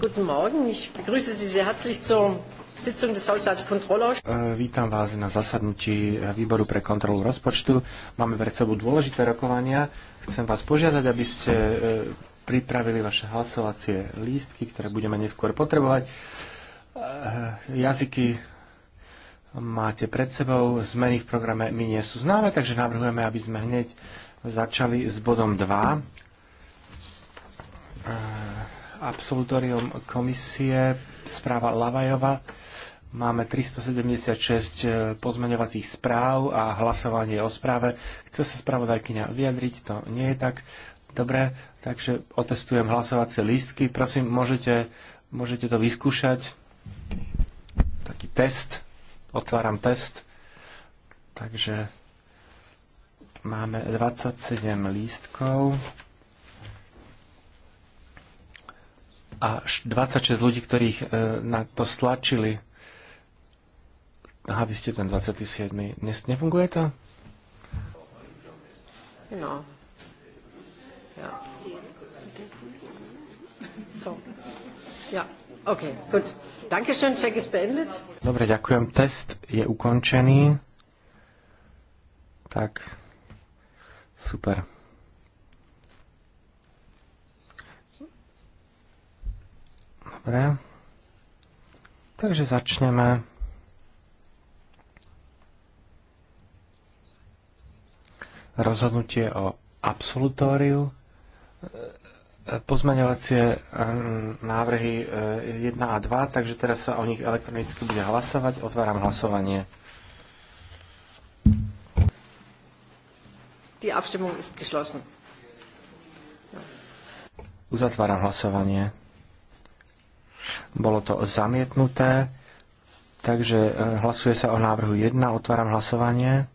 Guten Morgen. Ich begrüße Sie sehr herzlich zur Sitzung des Haushaltskontrollausschusses. Äh, vítam vás na zasadnutí äh, výboru pre kontrolu rozpočtu. Máme pred sebou dôležité rokovania. Chcem vás požiadať, aby ste äh, pripravili vaše hlasovacie lístky, ktoré budeme neskôr potrebovať. Jazyky máte pred sebou. Zmeny v programe mi nie sú známe, takže navrhujeme, aby sme hneď začali s bodom 2 absolutorium komisie, správa Lavajova. Máme 376 e, pozmeňovacích správ a hlasovanie o správe. Chce sa spravodajkyňa vyjadriť, to nie je tak. Dobre, takže otestujem hlasovacie lístky. Prosím, môžete, môžete to vyskúšať. Taký test. Otváram test. Takže máme 27 lístkov. a 26 ľudí, ktorých e, na to stlačili. Aha, vy ste ten 27. Dnes nefunguje to? No. Ja. So. Ja. OK, Dankeschön, check is beendet. Dobre, ďakujem. Test je ukončený. Tak, super. Dobre. Takže začneme. Rozhodnutie o absolutóriu. Pozmeňovacie návrhy 1 eh, a 2, takže teraz sa o nich elektronicky bude hlasovať. Otváram hlasovanie. Die Abstimmung ist geschlossen. Uzatváram hlasovanie. Bolo to zamietnuté. Takže e, hlasuje sa o návrhu 1. Otváram hlasovanie.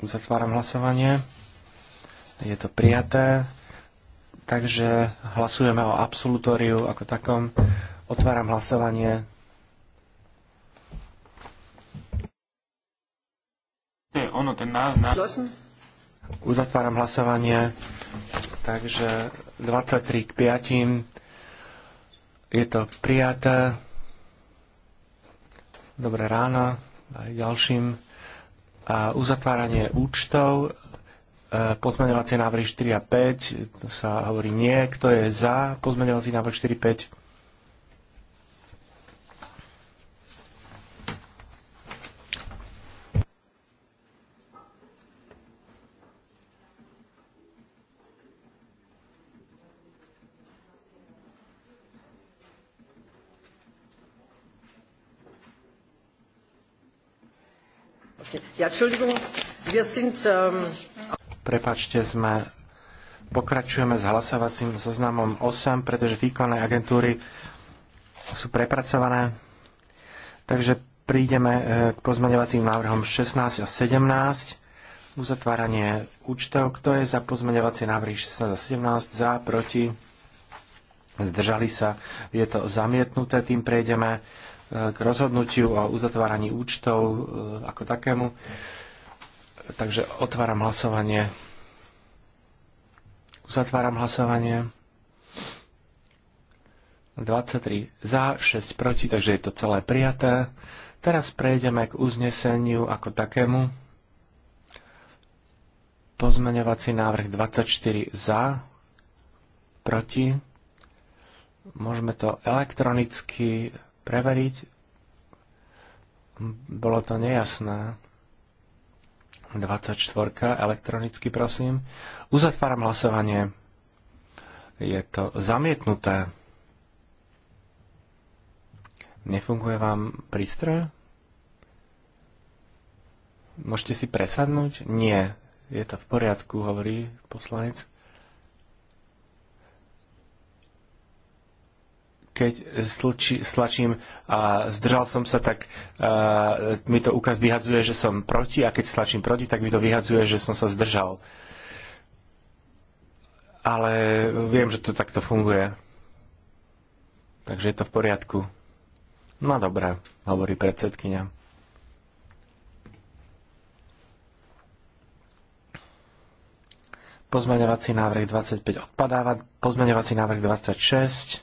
Uzatváram hlasovanie. Je to prijaté. Takže hlasujeme o absolutóriu ako takom. Otváram hlasovanie. je ono, ten Uzatváram hlasovanie. Takže 23 k 5. Je to prijaté. Dobré ráno aj ďalším. A uzatváranie účtov. E, pozmeňovacie návrhy 4 a 5. tu sa hovorí nie. Kto je za pozmeňovací návrh 4 a 5? Ja, wir sind... Um... Prepačte, sme... Pokračujeme s hlasovacím zoznamom 8, pretože výkonné agentúry sú prepracované. Takže prídeme e, k pozmeňovacím návrhom 16 a 17. Uzatváranie účtov. Kto je za pozmeňovacie návrhy 16 a 17? Za, proti? Zdržali sa. Je to zamietnuté. Tým prejdeme k rozhodnutiu o uzatváraní účtov e, ako takému. Takže otváram hlasovanie. Uzatváram hlasovanie. 23 za, 6 proti, takže je to celé prijaté. Teraz prejdeme k uzneseniu ako takému. Pozmeňovací návrh 24 za, proti. Môžeme to elektronicky preveriť. Bolo to nejasné. 24. Elektronicky prosím. Uzatváram hlasovanie. Je to zamietnuté. Nefunguje vám prístroj? Môžete si presadnúť? Nie. Je to v poriadku, hovorí poslanec. keď sluči, slačím a zdržal som sa, tak uh, mi to ukaz vyhadzuje, že som proti a keď slačím proti, tak mi to vyhadzuje, že som sa zdržal. Ale viem, že to takto funguje. Takže je to v poriadku. No dobré, hovorí predsedkynia. Pozmeňovací návrh 25 odpadáva, pozmeňovací návrh 26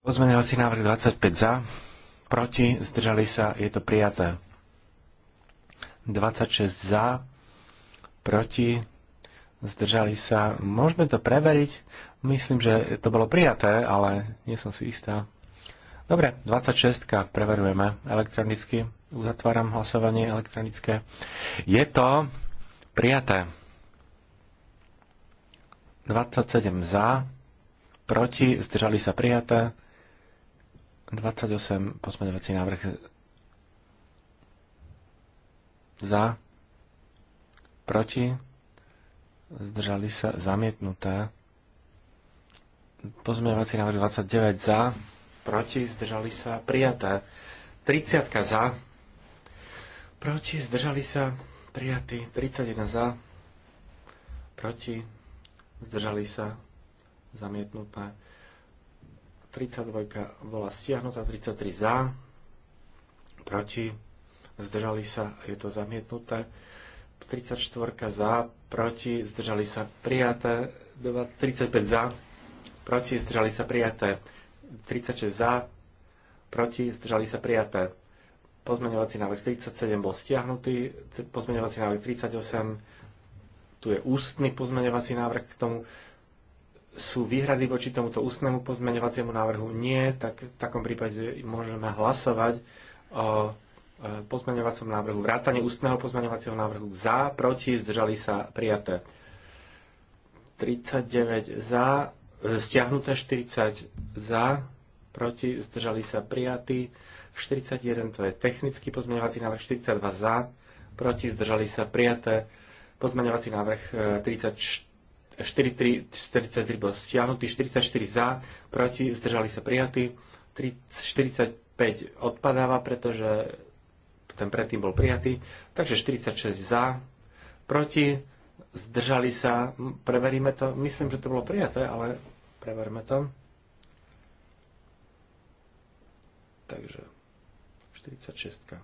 Pozmeňovací návrh 25 za, proti, zdržali sa, je to prijaté. 26 za, proti, zdržali sa. Môžeme to preveriť. Myslím, že to bolo prijaté, ale nie som si istá. Dobre, 26 preverujeme elektronicky. Uzatváram hlasovanie elektronické. Je to prijaté. 27 za, proti, zdržali sa prijaté. 28 pozmeňovací návrh za, proti, zdržali sa zamietnuté. Pozmeňovací návrh 29 za, proti, zdržali sa prijaté. 30 za, proti, zdržali sa prijatí. 31 za, proti, zdržali sa zamietnuté. 32 bola stiahnutá, 33 za, proti, zdržali sa, je to zamietnuté. 34 za, proti, zdržali sa prijaté, 35 za, proti, zdržali sa prijaté, 36 za, proti, zdržali sa prijaté. Pozmeňovací návrh 37 bol stiahnutý, pozmeňovací návrh 38, tu je ústny pozmeňovací návrh k tomu, sú výhrady voči tomuto ústnemu pozmeňovaciemu návrhu? Nie, tak v takom prípade môžeme hlasovať o e, pozmeňovacom návrhu, Vrátanie ústneho pozmeňovacieho návrhu za, proti, zdržali sa prijaté. 39 za, e, stiahnuté 40 za, proti, zdržali sa prijatí. 41 to je technický pozmeňovací návrh, 42 za, proti, zdržali sa prijaté. Pozmeňovací návrh 34 e, 43, 43 bol stiahnutý, 44 za, proti, zdržali sa prijatí, 45 odpadáva, pretože ten predtým bol prijatý, takže 46 za, proti, zdržali sa, preveríme to, myslím, že to bolo prijaté, ale preverme to. Takže 46.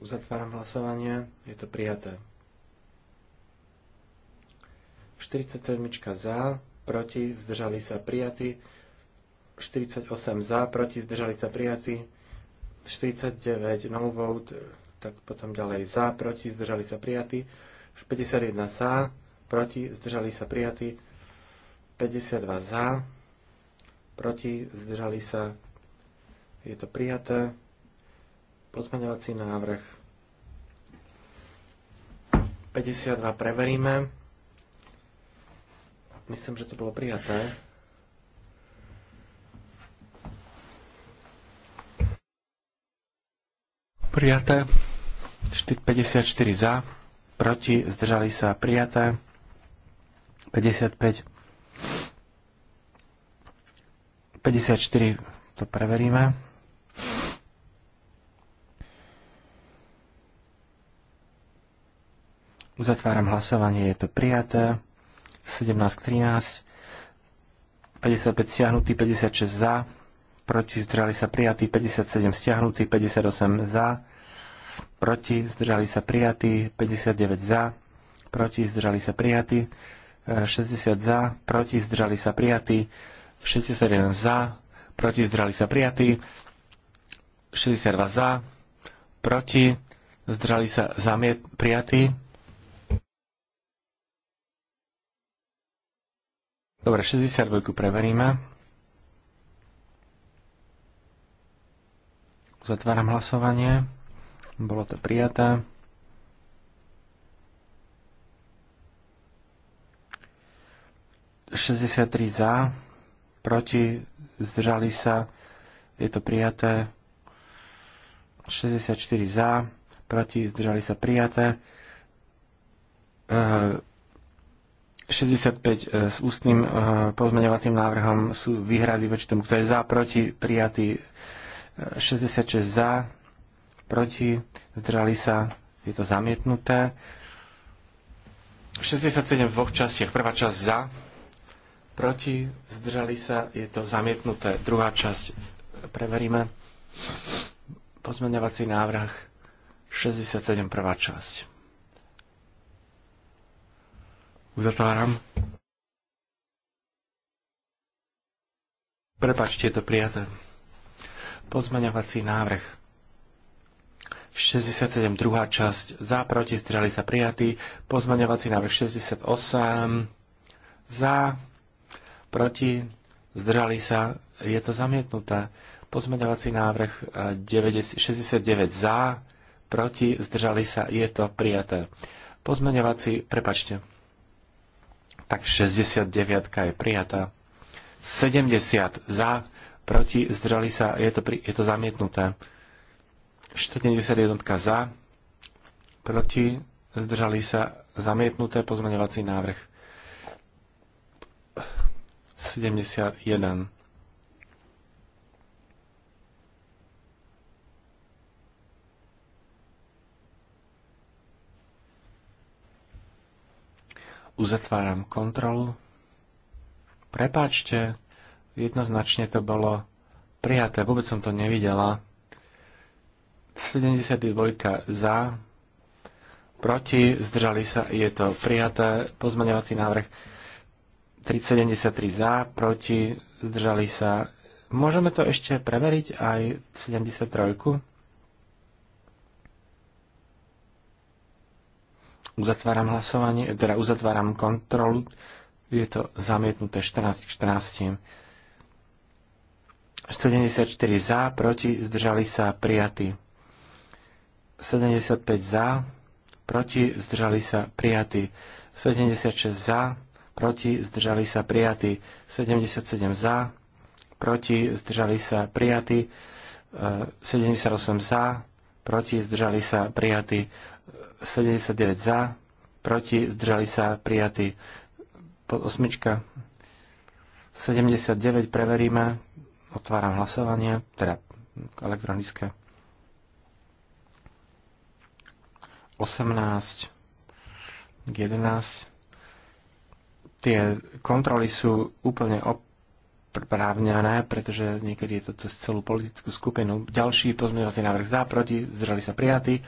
Uzatváram hlasovanie, je to prijaté. 47 za, proti, zdržali sa prijatí. 48 za, proti, zdržali sa prijatí. 49 no vote, tak potom ďalej za, proti, zdržali sa prijatí. 51 za, proti, zdržali sa prijatí. 52 za, proti, zdržali sa, je to prijaté. Pozmeňovací návrh 52 preveríme. Myslím, že to bolo prijaté. Prijaté. 54 za. Proti. Zdržali sa. Prijaté. 55. 54 to preveríme. Uzatváram hlasovanie, je to prijaté. 17 k 13, 55 stiahnutý, 56 za, proti zdržali sa prijatí, 57 stiahnutý, 58 za, proti zdržali sa prijatí, 59 za, proti zdržali sa prijatí, 60 eh, za, proti zdržali sa prijatí, 61 za, proti zdržali sa prijatí, 62 za, proti zdržali sa zamiet, prijatí, Dobre, 62 preveríme. Zatváram hlasovanie. Bolo to prijaté. 63 za, proti, zdržali sa, je to prijaté. 64 za, proti, zdržali sa prijaté. E 65 e, s ústnym e, pozmeňovacím návrhom sú výhrady voči tomu, kto je za, proti, prijatý 66 e, za, proti, zdržali sa, je to zamietnuté. 67 v dvoch častiach, prvá časť za, proti, zdržali sa, je to zamietnuté. Druhá časť, preveríme, pozmeňovací návrh 67, prvá časť. Uzatváram. Prepačte, je to prijaté. Pozmeňovací návrh. 67. druhá časť. Za, proti, zdržali sa prijatí. Pozmeňovací návrh 68. Za, proti, zdržali sa. Je to zamietnuté. Pozmeňovací návrh 69 e, za, proti, zdržali sa, je to prijaté. Pozmeňovací, prepačte, tak 69 je prijatá. 70 za, proti, zdržali sa, je to, pri, je to zamietnuté. 71 za, proti, zdržali sa, zamietnuté pozmeňovací návrh. 71 Uzatváram kontrolu. Prepáčte, jednoznačne to bolo prijaté, vôbec som to nevidela. 72 za, proti, zdržali sa, je to prijaté. Pozmeňovací návrh 373 za, proti, zdržali sa. Môžeme to ešte preveriť aj 73. Uzatváram hlasovanie, teda uzatváram kontrolu. Je to zamietnuté 14 k 14. 74 za, proti, zdržali sa prijatí. 75 za, proti, zdržali sa prijatí. 76 za, proti, zdržali sa prijatí. 77 za, proti, zdržali sa prijatí. 78 e, za, proti, zdržali sa prijatí. 79 za, proti, zdržali sa, prijatí. Pod osmička 79 preveríme. Otváram hlasovanie, teda elektronické. 18 k 11. Tie kontroly sú úplne oprávňané, pretože niekedy je to cez celú politickú skupinu. Ďalší pozmeňovací návrh za, proti, zdržali sa prijatí.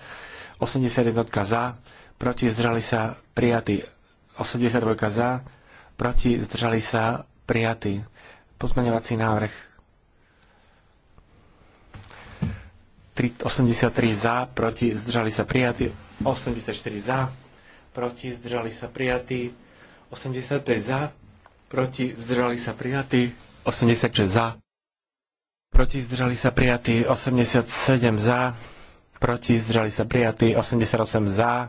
81 za, proti zdržali sa prijatí. 82 za, proti zdržali sa prijatí. Pozmeňovací návrh 83 za, proti zdržali sa prijatí. 84 za, proti zdržali sa prijatí. 85 za, proti zdržali sa prijatí. 86 za, proti zdržali sa prijatí. 87 za, proti, zdržali sa prijatí, 88 za,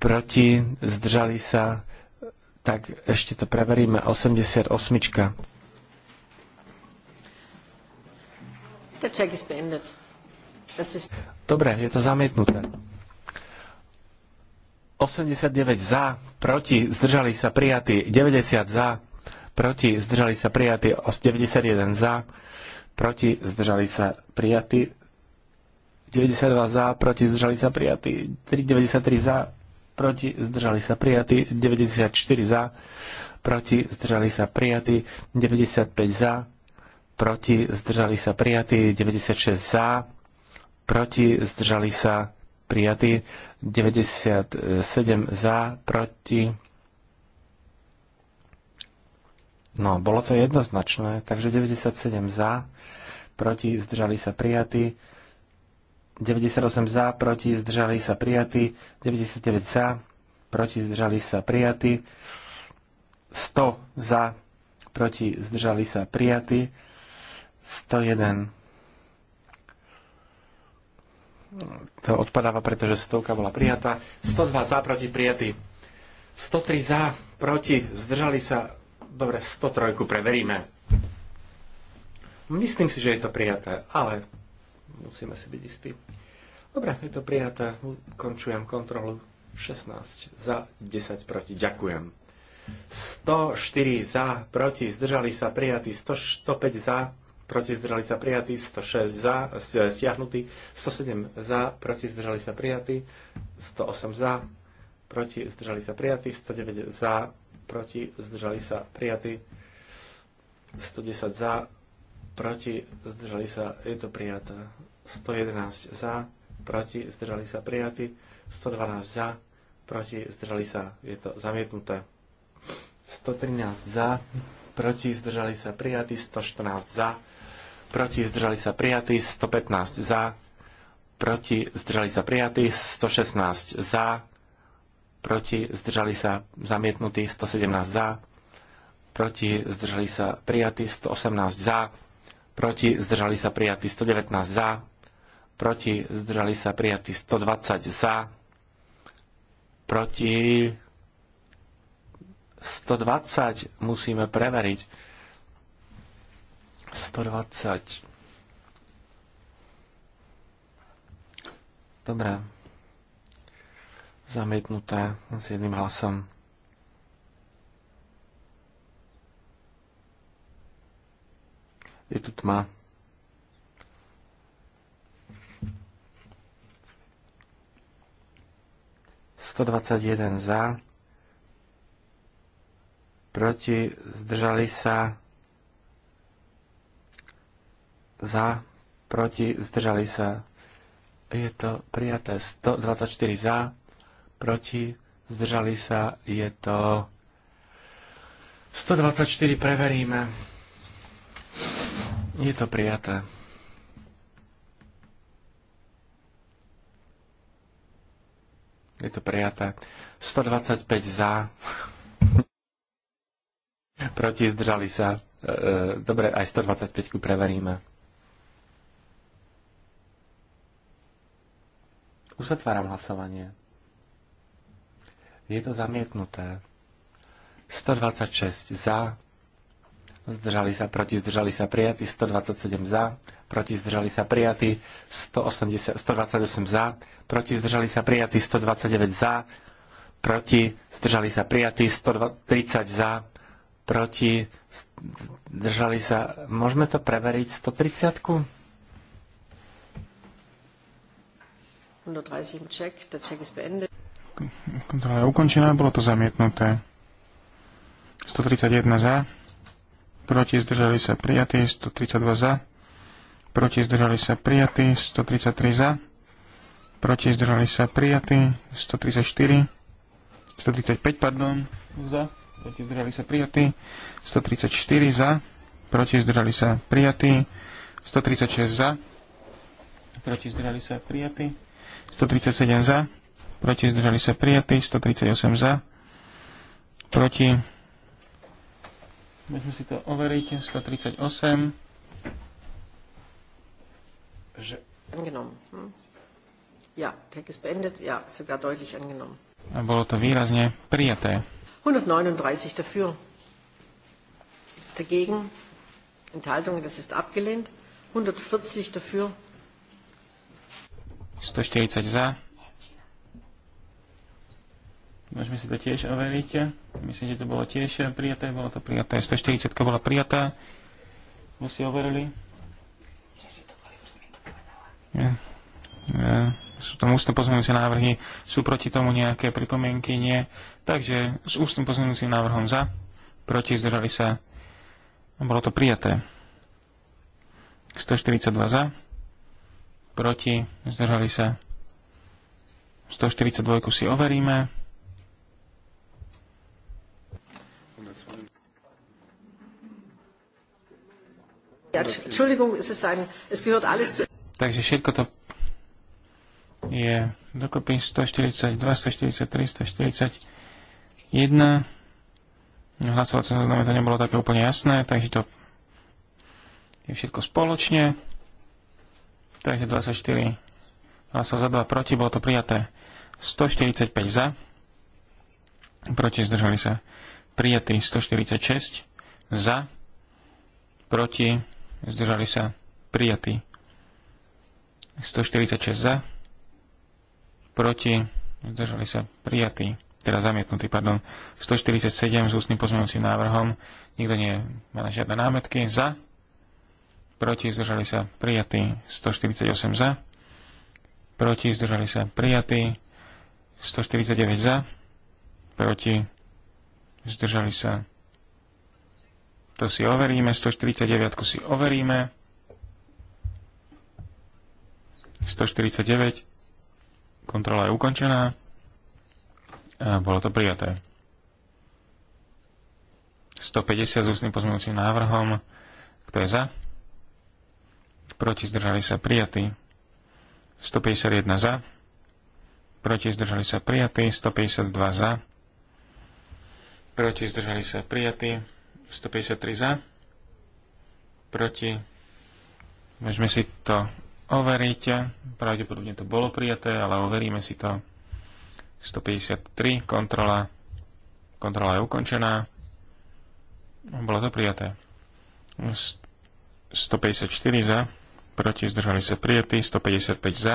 proti, zdržali sa, tak ešte to preveríme, 88. Dobre, je to zamietnuté. 89 za, proti, zdržali sa prijatí, 90 za, proti, zdržali sa prijatí, 91 za, proti, zdržali sa prijatí, 92 za, proti zdržali sa prijatí, 93 za, proti zdržali sa prijatí, 94 za, proti zdržali sa prijatí, 95 za, proti zdržali sa prijatí, 96 za, proti zdržali sa prijatí, 97 za, proti. No, bolo to jednoznačné, takže 97 za, proti zdržali sa prijatí, 98 za, proti, zdržali sa prijatí. 99 za, proti, zdržali sa prijatí. 100 za, proti, zdržali sa prijatí. 101 to odpadáva, pretože stovka bola prijatá. 102 za, proti, prijatý. 103 za, proti, zdržali sa. Dobre, 103 preveríme. Myslím si, že je to prijaté, ale musíme si byť istí. Dobre, je to prijaté. Končujem kontrolu. 16 za, 10 proti. Ďakujem. 104 za, proti, zdržali sa prijatí, 105 za, proti, zdržali sa prijatí, 106 za, e, stiahnutí, 107 za, proti, zdržali sa prijatí, 108 za, proti, zdržali sa prijatí, 109 za, proti, zdržali sa prijatí, 110 za, proti, zdržali sa, je to prijaté, 111 za, proti, zdržali sa prijatí, 112 za, proti, zdržali sa, je to zamietnuté. 113 za, proti, zdržali sa prijatí, 114 za, proti, zdržali sa prijatí, 115 za, proti, zdržali sa prijatí, 116 za, proti, zdržali sa zamietnutí, 117 za, proti, zdržali sa prijatí, 118 za, proti zdržali sa prijatí 119 za, proti zdržali sa prijatí 120 za, proti 120 musíme preveriť. 120. Dobre. Zamietnuté s jedným hlasom. Je tu tma. Sto jeden za. Proti zdržali sa. Za. Proti zdržali sa. Je to prijaté 124 za. Proti zdržali sa. Je to 124 preveríme. Je to prijaté. Je to prijaté. 125 za. Proti zdržali sa. E, e, dobre, aj 125 preveríme. Uzatváram hlasovanie. Je to zamietnuté. 126 za, zdržali sa proti, zdržali sa prijatí, 127 za, proti zdržali sa prijatí, 180, 128 za, proti zdržali sa prijatí, 129 za, proti zdržali sa prijatí, 130 za, proti zdržali sa, môžeme to preveriť, 130 Kontrola je ukončená, bolo to zamietnuté. 131 za, proti zdržali sa prijatí, 132 za, proti zdržali sa prijatí, 133 za, proti zdržali sa prijatí, 134, 135, pardon, za, proti zdržali sa prijatí, 134 za, proti zdržali sa prijatí, 136 za, proti zdržali sa prijatí, 137 za, proti zdržali sa prijatí, 138 za, proti Môžeme si to overiť. 138. Že... Angenommen. Hm? Ja, tak ist beendet. Ja, sogar deutlich angenommen. A bolo to výrazne prijaté. 139 dafür. Dagegen. Enthaltung, das ist abgelehnt. 140 dafür. 140 za, Môžeme si to tiež overiť. Myslím, že to bolo tiež prijaté. Bolo to prijaté. 140 bola prijatá. Už si overili. Ja. Ja. Sú tam ústne pozmeňujúce návrhy. Sú proti tomu nejaké pripomienky? Nie. Takže s ústnym pozmeňujúcim návrhom za. Proti zdržali sa. Bolo to prijaté. 142 za. Proti zdržali sa. 142 si overíme. Takže všetko to je dokopy 142, 143, 141. Hlasovacie zoznamy to nebolo také úplne jasné, takže to je všetko spoločne. Takže 24 hlasov za 2 proti, bolo to prijaté 145 za, proti zdržali sa prijatí 146 za, proti zdržali sa prijatí. 146 za, proti, zdržali sa prijatí, teda zamietnutí, pardon, 147 s ústnym pozmeňujúcim návrhom, nikto nie má žiadne námetky, za, proti, zdržali sa prijatí, 148 za, proti, zdržali sa prijatí, 149 za, proti, zdržali sa to si overíme, 149 si overíme. 149. Kontrola je ukončená. A bolo to prijaté. 150 s ústnym pozmeňujúcim návrhom. Kto je za? Proti zdržali sa prijatí. 151 za. Proti zdržali sa prijatí. 152 za. Proti zdržali sa prijatí. 153 za, proti, môžeme si to overiť, pravdepodobne to bolo prijaté, ale overíme si to. 153, kontrola, kontrola je ukončená, bolo to prijaté. 154 za, proti, zdržali sa prijatí, 155 za,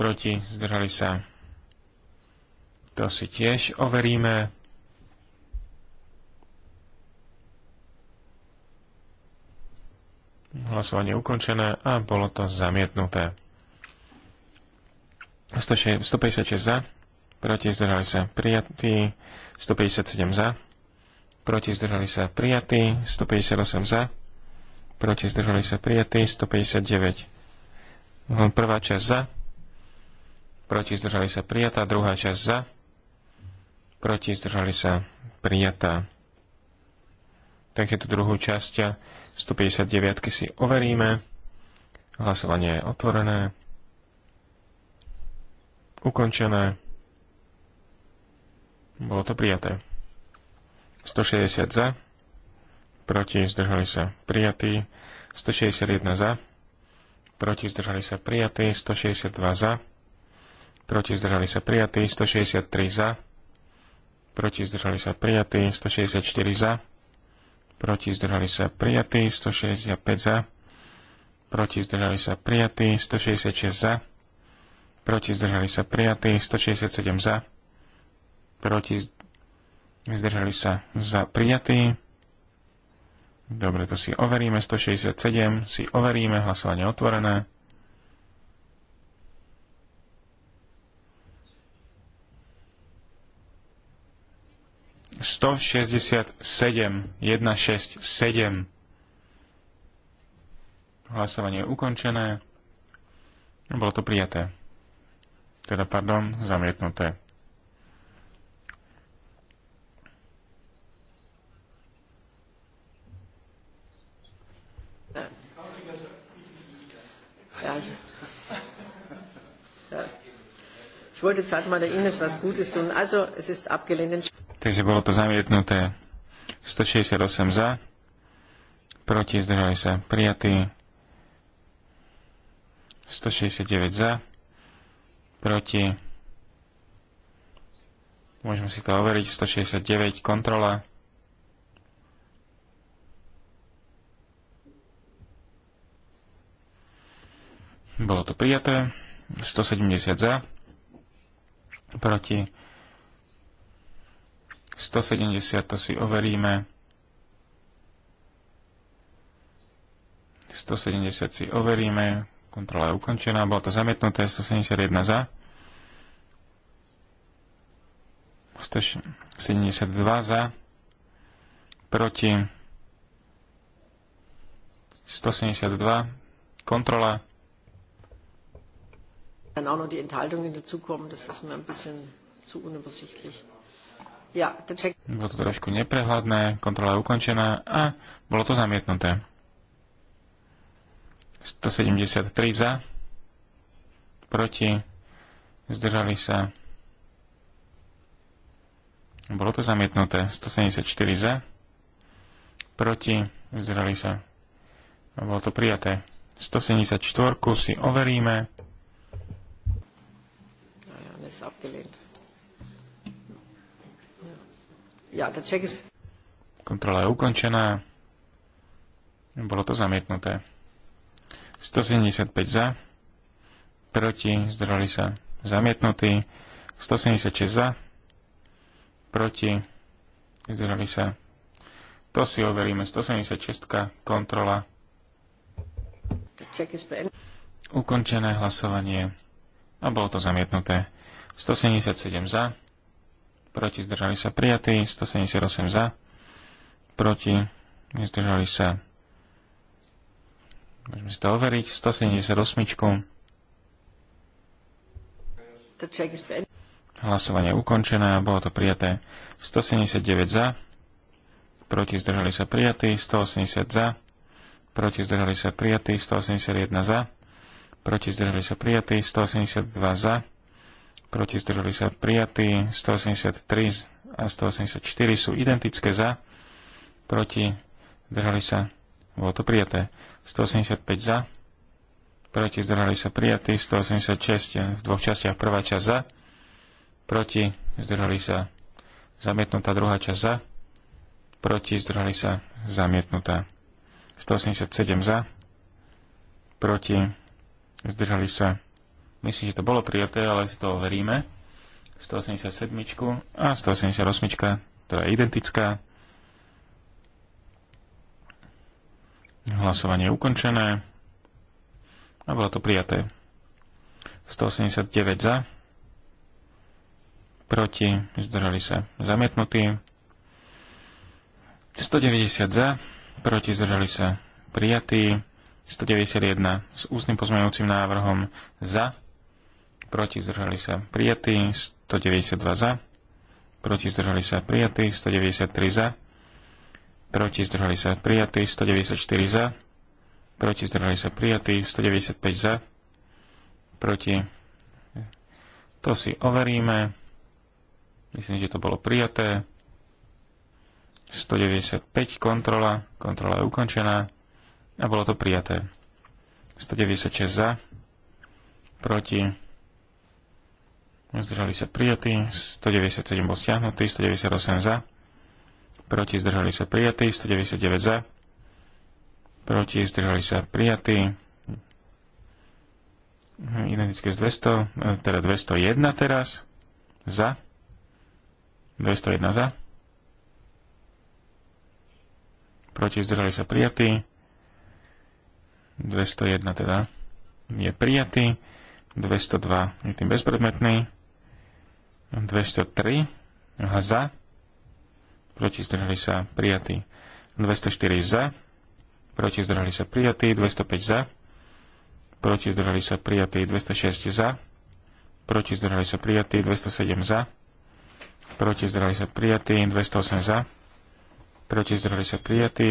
proti, zdržali sa. To si tiež overíme. Hlasovanie ukončené a bolo to zamietnuté. 156 za, proti zdržali sa prijatí, 157 za, proti zdržali sa prijatí, 158 za, proti zdržali sa prijatí, 159. Prvá časť za, proti zdržali sa prijatá, druhá časť za, proti zdržali sa prijatá. Tak je tu druhú časť 159 si overíme. Hlasovanie je otvorené. Ukončené. Bolo to prijaté. 160 za. Proti zdržali sa prijatí. 161 za. Proti zdržali sa prijatí. 162 za. Proti zdržali sa prijatí. 163 za. Proti zdržali sa prijatí. 164 za proti zdržali sa prijatí, 165 za, proti zdržali sa prijatí, 166 za, proti zdržali sa prijatí, 167 za, proti zdržali sa za prijatí. Dobre, to si overíme, 167 si overíme, hlasovanie otvorené. 167, 167. Hlasovanie je ukončené. Bolo to prijaté. Teda, pardon, zamietnuté. Ich wollte jetzt halt mal der Ines was Gutes tun. Also, es ist abgelehnt. Takže bolo to zamietnuté 168 za, proti zdržali sa prijatí 169 za, proti môžeme si to overiť 169 kontrola bolo to prijaté 170 za proti 170 to si overíme. 170 si overíme. Kontrola je ukončená. Bolo to zamietnuté. 171 za. 172 za. Proti. 172. Kontrola. Dann auch noch die Enthaltungen dazukommen, das ist mir ein bisschen zu unübersichtlich. Ja, to Bolo to trošku neprehľadné, kontrola je ukončená a bolo to zamietnuté. 173 za, proti, zdržali sa. Bolo to zamietnuté. 174 za, proti, zdržali sa. Bolo to prijaté. 174 si overíme. Ja, Kontrola je ukončená. Bolo to zamietnuté. 175 za, proti, zdržali sa zamietnutí. 176 za, proti, zdržali sa. To si overíme. 176 kontrola. Ukončené hlasovanie. A bolo to zamietnuté. 177 za proti zdržali sa prijatí, 178 za, proti zdržali sa, môžeme si to overiť, 178. Hlasovanie je ukončené a bolo to prijaté 179 za, proti zdržali sa prijatí, 180 za, proti zdržali sa prijatí, 181 za, proti zdržali sa prijatí, 182 za, proti zdržali sa prijatí, 183 a 184 sú identické za, proti zdržali sa, bolo to prijaté, 185 za, proti zdržali sa prijatí, 186 v dvoch častiach, prvá časť za, proti zdržali sa zamietnutá, druhá časť za, proti zdržali sa zamietnutá, 187 za, proti zdržali sa Myslím, že to bolo prijaté, ale si to overíme. 187 a 188, to je identická. Hlasovanie je ukončené. A bolo to prijaté. 189 za. Proti. Zdržali sa. Zamietnutí. 190 za. Proti. Zdržali sa. Prijatí. 191 s ústnym pozmeňujúcim návrhom za proti zdržali sa prijatí, 192 za, proti zdržali sa prijatí, 193 za, proti zdržali sa prijatí, 194 za, proti zdržali sa prijatí, 195 za, proti. To si overíme. Myslím, že to bolo prijaté. 195 kontrola, kontrola je ukončená a bolo to prijaté. 196 za, proti zdržali sa prijatí, 197 bol stiahnutý, 198 za, proti zdržali sa prijatí, 199 za, proti zdržali sa prijatí, identické z 200, teda 201 teraz, za, 201 za, proti zdržali sa prijatí, 201 teda je prijatý, 202 je tým bezpredmetný, 203 za, proti zdržali sa prijatí. 204 za, proti zdržali sa prijatí. 205 za, proti zdržali sa prijatí. 206 za, proti zdržali sa prijatí. 207 za, proti zdržali sa prijatí. 208 za, proti zdržali sa prijatí.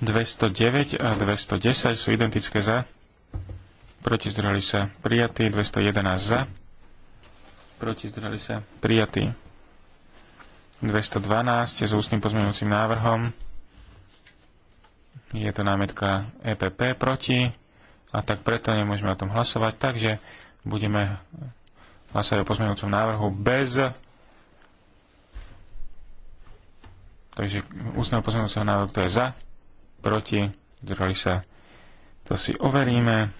209 a 210 sú identické za, proti zdržali sa prijatí, 211 za, proti zdrali sa prijatí. 212 s ústnym pozmeňujúcim návrhom. Je to námetka EPP proti a tak preto nemôžeme o tom hlasovať, takže budeme hlasovať o pozmeňujúcom návrhu bez takže ústneho pozmeňujúceho návrhu, to je za, proti, zdrali sa. To si overíme.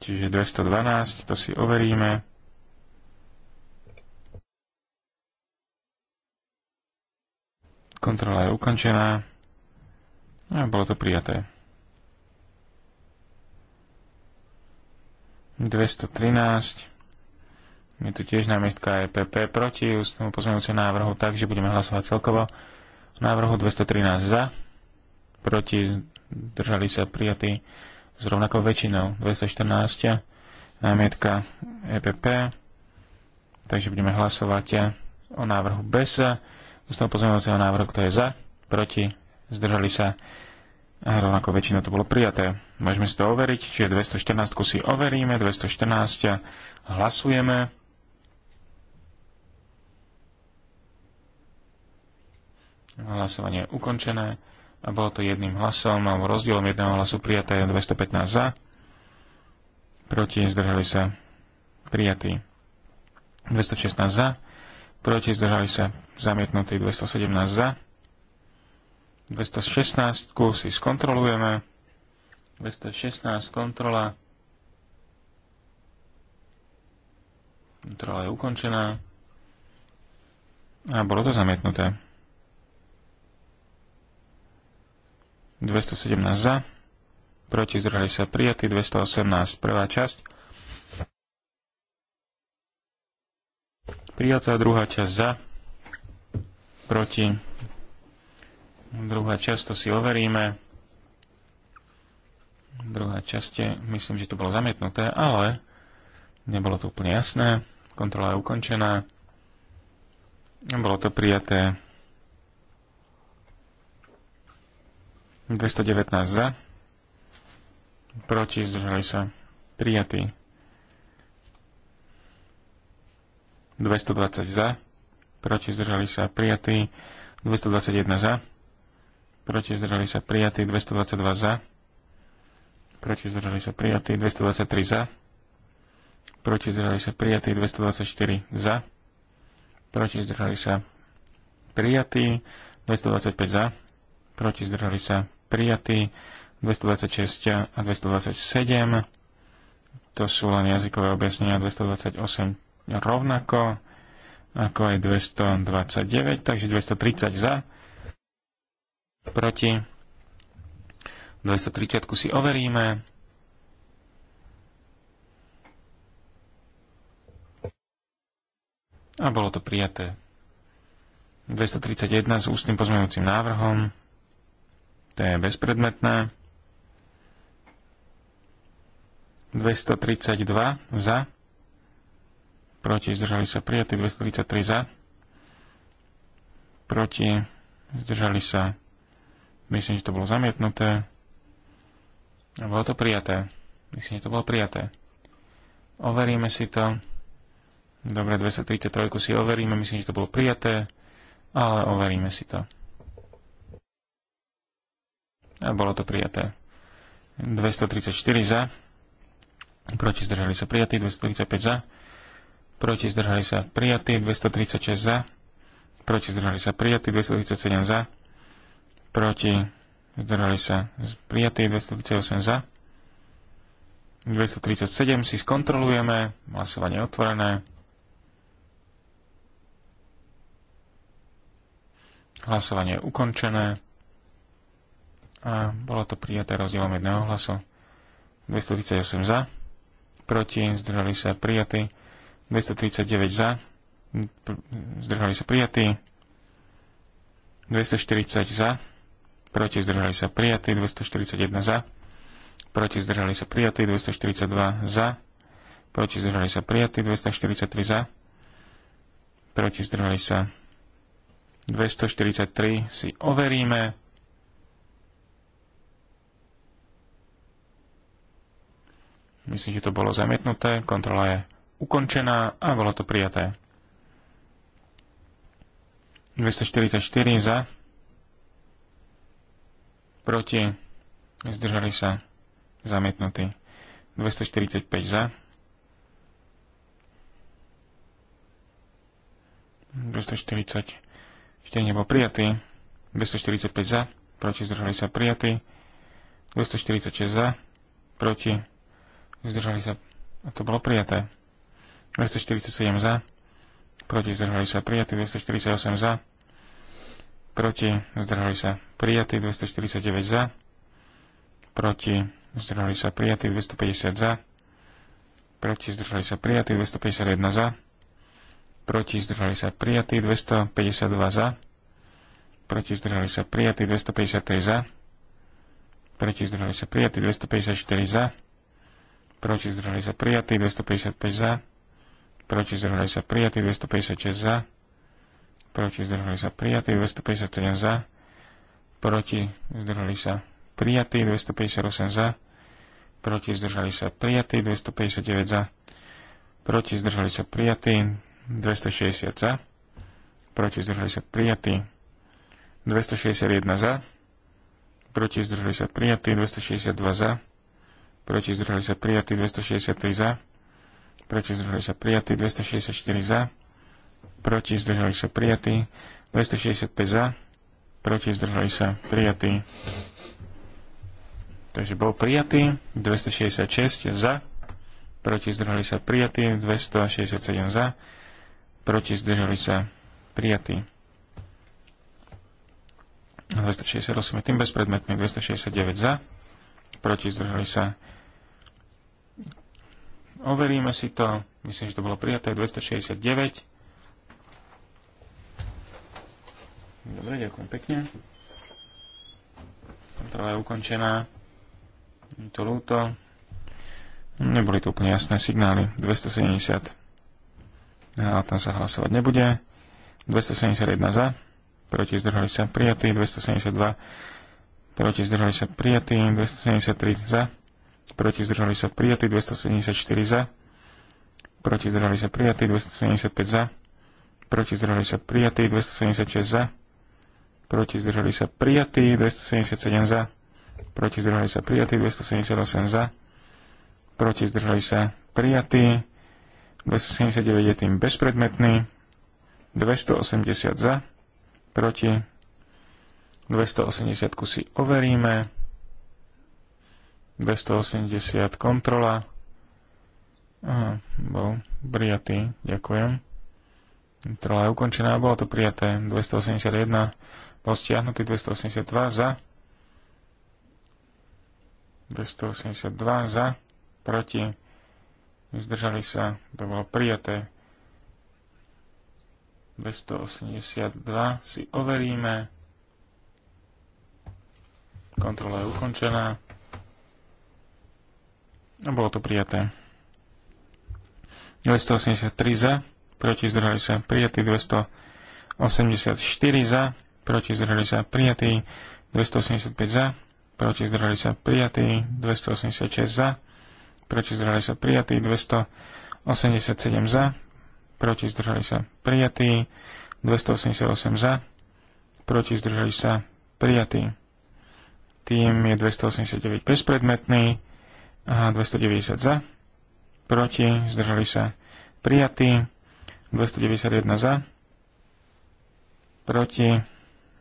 Čiže 212, to si overíme. Kontrola je ukončená. A bolo to prijaté. 213. Je tu tiež námestka EPP proti ústnemu pozmeňujúcemu návrhu, takže budeme hlasovať celkovo. návrhu 213 za, proti, držali sa prijatí s rovnakou väčšinou. 214 námietka EPP. Takže budeme hlasovať o návrhu bez ústneho pozmeňovacieho návrhu, kto je za, proti, zdržali sa. A rovnako väčšina to bolo prijaté. Môžeme si to overiť, čiže 214 si overíme, 214 hlasujeme. Hlasovanie je ukončené a bolo to jedným hlasom alebo rozdielom jedného hlasu prijaté 215 za, proti zdržali sa prijatí 216 za, proti zdržali sa zamietnutí 217 za, 216 kursy skontrolujeme, 216 kontrola, kontrola je ukončená a bolo to zamietnuté. 217 za, proti zdržali sa prijatí, 218 prvá časť, prijatá druhá časť za, proti druhá časť, to si overíme, druhá časť, myslím, že to bolo zamietnuté, ale nebolo to úplne jasné, kontrola je ukončená, bolo to prijaté 219 za, proti zdržali sa prijatí 220 za, proti zdržali sa prijatí 221 za, proti zdržali sa prijatí 222 za, proti zdržali sa prijatí 223 za, proti zdržali sa prijatí 224 za, proti zdržali sa prijatí 225 za, proti zdržali sa prijatý. 226 a 227, to sú len jazykové objasnenia 228 rovnako, ako aj 229, takže 230 za, proti, 230 si overíme, a bolo to prijaté. 231 s ústnym pozmeňujúcim návrhom, to je bezpredmetné. 232 za. Proti zdržali sa prijatí. 233 za. Proti zdržali sa. Myslím, že to bolo zamietnuté. A bolo to prijaté. Myslím, že to bolo prijaté. Overíme si to. Dobre, 233 si overíme. Myslím, že to bolo prijaté. Ale overíme si to a bolo to prijaté. 234 za, proti zdržali sa prijatí, 235 za, proti zdržali sa prijatí, 236 za, proti zdržali sa prijatí, 237 za, proti zdržali sa prijatí, 238 za, 237 si skontrolujeme, hlasovanie otvorené. Hlasovanie je ukončené a bolo to prijaté rozdielom jedného hlasu. 238 za, proti, zdržali sa prijatí. 239 za, zdržali sa prijatí. 240 za, proti zdržali sa prijatí, 241 za, proti zdržali sa prijatí, 242 za, proti zdržali sa prijatí, 243 za, proti zdržali sa 243 si overíme. Myslím, že to bolo zamietnuté, kontrola je ukončená a bolo to prijaté. 244 za, proti, zdržali sa, zamietnutí. 245 za, 240 ešte nebol prijatý, 245 za, proti, zdržali sa, prijatý, 246 za, proti, zdržali sa, a to bolo prijaté. 247 za, proti zdržali sa prijatí, 248 za, proti zdržali sa prijatí, 249 za, proti zdržali sa prijatí, 250 za, proti zdržali sa prijatí, 251 za, proti zdržali sa prijatí, 252 za, proti zdržali sa prijatí, 253 za, proti zdržali sa prijatí, 254 za, proti zdržali sa prijatí, 255 za, proti zdržali sa prijatí, 256 za, proti zdržali sa prijatí, 257 za, proti zdržali sa prijatí, 258 za, proti zdržali sa prijatí, 259 za, proti zdržali sa prijatí, 260 za, proti zdržali sa prijatí, 261 za, proti zdržali sa prijatí, 262 za, proti zdržali sa prijatí 263 za, proti zdržali sa prijatí 264 za, proti zdržali sa prijatí 265 za, proti zdržali sa prijatí. Takže bol prijatý 266 za, proti zdržali sa prijatí 267 za, proti zdržali sa prijatí. 268 je tým bezpredmetný, 269 za, proti zdržali sa Overíme si to. Myslím, že to bolo prijaté 269. Dobre, ďakujem pekne. Kontrola je ukončená. Je to ľúto. Neboli to úplne jasné signály. 270. A tam sa hlasovať nebude. 271 za. Proti zdržali sa prijatí. 272. Proti zdržali sa prijatí. 273 za proti zdržali sa prijatí 274 za, proti zdržali sa prijatí 275 za, proti zdržali sa prijatí 276 za, proti zdržali sa prijatí 277 za, proti zdržali sa prijatí 278 za, proti zdržali sa prijatí 279 je tým bezpredmetný, 280 za, proti 280 kusy overíme, 280 kontrola. Aha, bol prijatý, ďakujem. Kontrola je ukončená, bolo to prijaté 281, bol stiahnutý 282 za, 282 za, proti, zdržali sa, to bolo prijaté. 282 si overíme. Kontrola je ukončená. A bolo to prijaté. 283 za, proti zdržali sa prijatí. 284 za, proti zdržali sa prijatí. 285 za, proti zdržali sa prijatí. 286 za, proti zdržali sa prijatí. 287 za, proti zdržali sa prijatí, 288 za, proti zdržali sa prijatí. Tým je 289 bezpredmetný, a 290 za, proti, zdržali sa prijatí, 291 za, proti,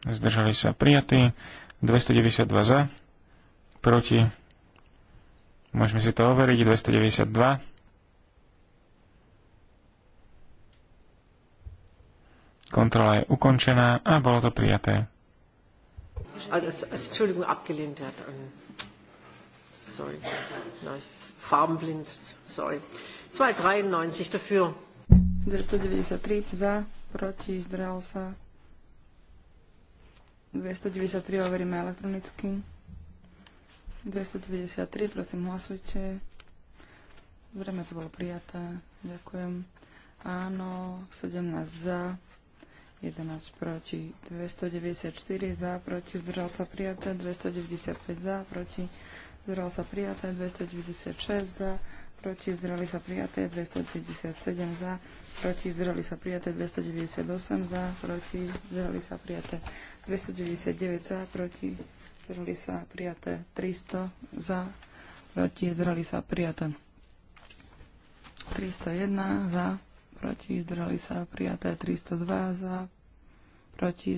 zdržali sa prijatí, 292 za, proti, môžeme si to overiť, 292, kontrola je ukončená a bolo to prijaté. Entschuldigung, abgelehnt hat sorry. Nein, farbenblind, sorry. 293 dafür. 293 za, proti, zdržal sa. 293 overíme elektronicky. 293, prosím, hlasujte. Zrejme to bolo prijaté. Ďakujem. Áno, 17 za, 11 proti, 294 za, proti, zdržal sa prijaté, 295 za, proti, zdržal sa prijaté 296 za, proti zdržali sa prijaté 297 za, proti zdržali sa prijaté 298 za, proti zdržali sa prijaté 299 za, proti zdržali sa prijaté 300 za, proti zdržali sa prijaté 301 za, proti zdržali sa prijaté 302 za, proti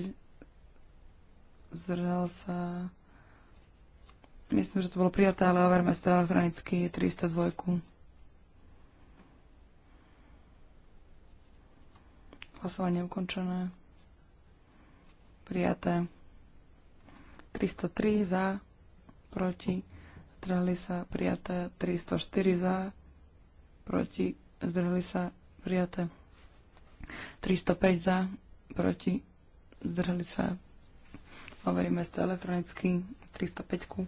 zdržal sa prijaté Myslím, že to bolo prijaté, ale overme si to elektronicky 302. Hlasovanie ukončené. Prijaté. 303 za, proti, zdrhli sa, prijaté. 304 za, proti, zdrhli sa, prijaté. 305 za, proti, zdrhli sa. Overíme si elektronicky 305.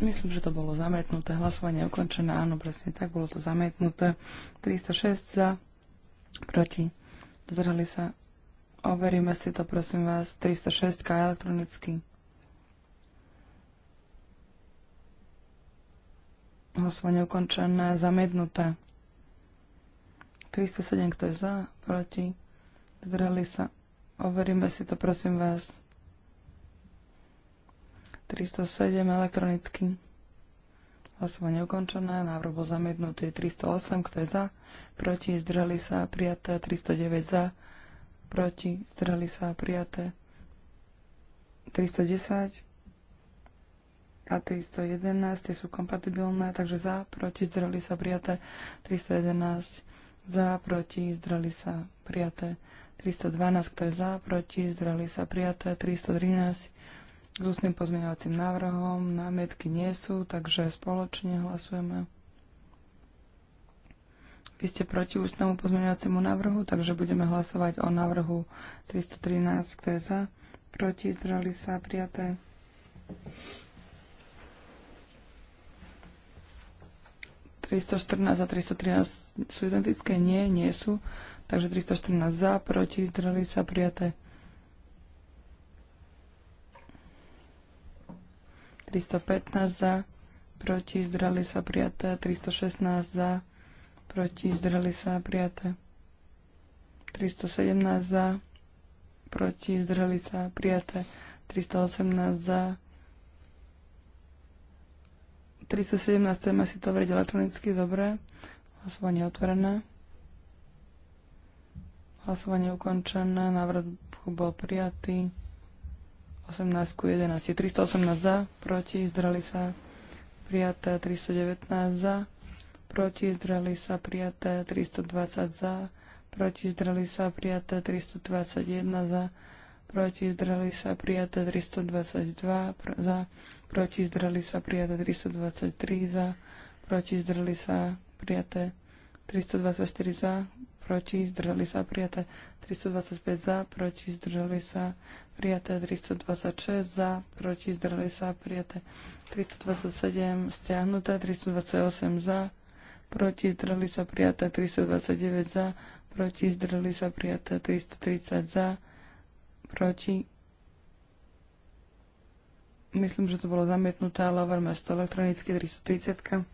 Myslím, že to bolo zamietnuté. Hlasovanie je ukončené. Áno, presne tak, bolo to zamietnuté. 306 za, proti. Zdržali sa. Overíme si to, prosím vás. 306 elektronicky. Hlasovanie ukončené, zamietnuté. 307, kto je za, proti. Zdržali sa. Overíme si to, prosím vás. 307 elektronicky. Hlasovanie ukončené, návrh bol zamietnutý 308, kto je za, proti, zdrhali sa, prijaté, 309 za, proti, zdrhali sa, prijaté, 310 a 311, tie sú kompatibilné, takže za, proti, zdrhali sa, prijaté, 311, za, proti, zdrhali sa, prijaté, 312, kto je za, proti, zdrhali sa, prijaté, 313, s ústnym pozmeňovacím návrhom. Námietky nie sú, takže spoločne hlasujeme. Vy ste proti ústnemu pozmeňovaciemu návrhu, takže budeme hlasovať o návrhu 313, kto je za, proti, zdrali sa, prijaté. ...314 a 313 sú identické? Nie, nie sú. Takže 314 za, proti, zdrali sa, prijaté. 315 za, proti, zdrali sa prijaté, 316 za, proti, zdrali sa prijaté, 317 za, proti, zdrali sa prijaté, 318 za, 317 chceme si to veriť elektronicky, dobre. Hlasovanie otvorené. Hlasovanie ukončené, návrh bol prijatý. 18 ku 11. 318 za, proti, zdrali sa, prijaté 319 za, proti, zdrali sa, prijaté 320 za, proti, zdrali sa, prijaté 321 za, proti, zdrali sa, prijaté 322 pr za, proti, zdrali sa, prijaté 323 za, proti, zdrali sa, prijaté 324 za, proti, zdrali sa prijaté 325 za, proti, zdrali sa prijaté 326 za, proti zdrali sa prijaté 327 stiahnuté, 328 za, proti zdrali sa prijaté 329 za, proti zdrali sa prijaté 330 za, proti myslím, že to bolo zamietnuté, ale overme to elektronicky 330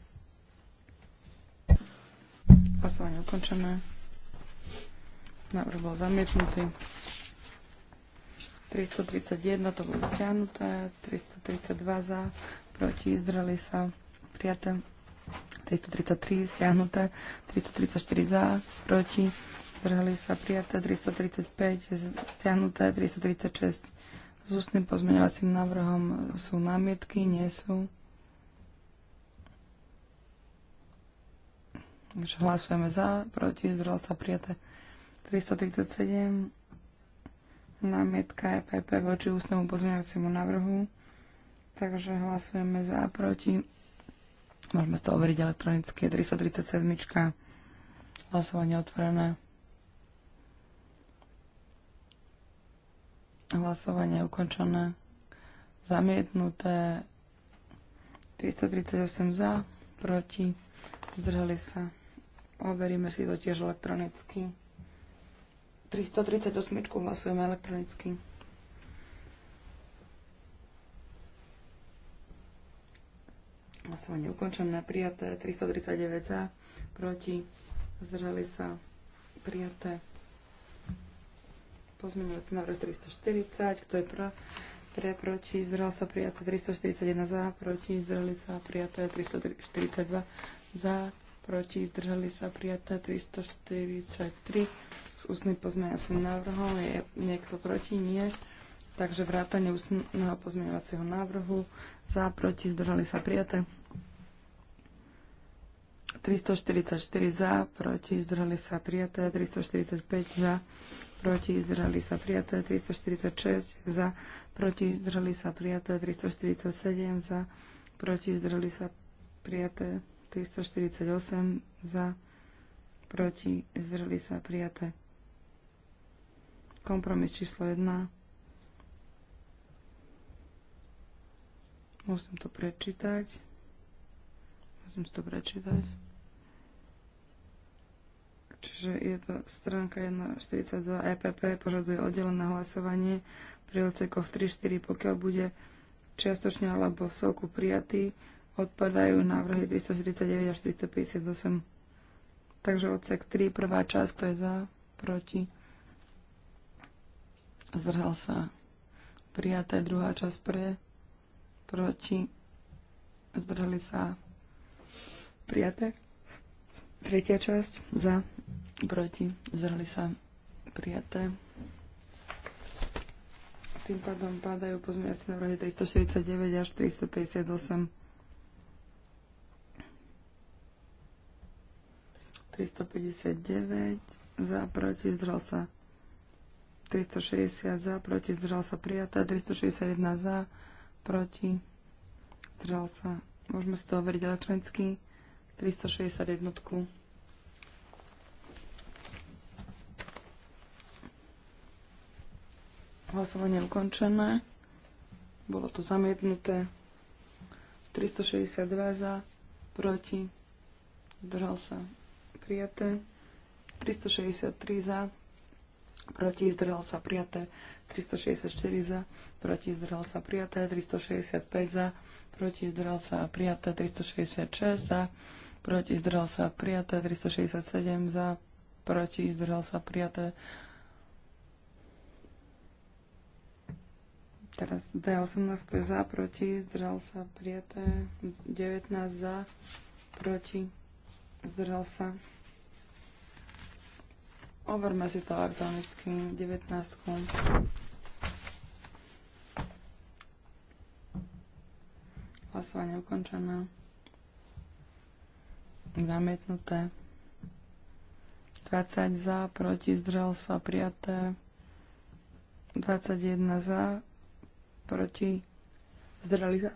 Hlasovanie ukončené. Návrh bol zamietnutý. 331 to bolo stiahnuté, 332 za, proti, zdrali sa, prijaté. 333 stiahnuté, 334 za, proti, zdrali sa, prijaté. 335 stiahnuté, 336 s ústnym pozmeňovacím návrhom sú námietky, nie sú. Takže hlasujeme za, proti, zdržal sa prijaté 337 námietka EPP voči ústnemu pozmeňovaciemu návrhu. Takže hlasujeme za a proti. Môžeme to overiť elektronicky. 337. Hlasovanie otvorené. Hlasovanie ukončené. Zamietnuté. 338 za, proti. Zdrhali sa. Overíme si to tiež elektronicky. 338 hlasujeme elektronicky. Hlasovanie ukončené, prijaté, 339 za, proti, zdržali sa, prijaté. Pozmeňovací návrh 340, kto je pro, pre, proti, zdržal sa, prijaté, 341 za, proti, zdržali sa, prijaté, 342 za, proti, zdržali sa prijaté 343 s ústnym pozmeňovacím návrhom. Je niekto proti? Nie. Takže vrátanie ústneho pozmeňovacieho návrhu za, proti, zdržali sa prijaté. 344 za, proti, zdržali sa prijaté. 345 za, proti, zdržali sa prijaté. 346 za, proti, zdržali sa prijaté. 347 za, proti, zdržali sa prijaté. 348 za, proti, zdržali sa prijaté. Kompromis číslo 1. Musím to prečítať. Musím to prečítať. Čiže je to stránka 1.42 EPP, požaduje oddelené hlasovanie pri odsekoch 4 pokiaľ bude čiastočne alebo v celku prijatý, Odpadajú návrhy 349 až 358. Takže odsek 3, prvá časť, to je za, proti. Zdrhal sa. Prijaté druhá časť pre, proti. Zdrhali sa. Prijaté. Tretia časť za, proti. Zdrhali sa. Prijaté. Tým pádom padajú pozmeňovacie návrhy 349 až 358. 359 za, proti, zdržal sa 360 za, proti, zdržal sa prijatá, 361 za, proti, zdržal sa. Môžeme si to overiť elektronicky. 361. Hlasovanie ukončené. Bolo to zamietnuté. 362 za, proti, zdržal sa prijaté. 363 za, proti zdržal sa prijaté. 364 za, proti zdržal sa prijaté. 365 za, proti zdržal sa prijaté. 366 za, proti zdržal sa prijaté. 367 za, proti zdržal sa prijaté. Teraz D18 je za, proti, zdržal sa, prijaté, 19 za, proti, zdržal sa, Overme si to elektronicky, 19. Hlasovanie ukončené. Zamietnuté. 20 za, proti, zdržal sa, prijaté. 21 za, proti, zdržali sa.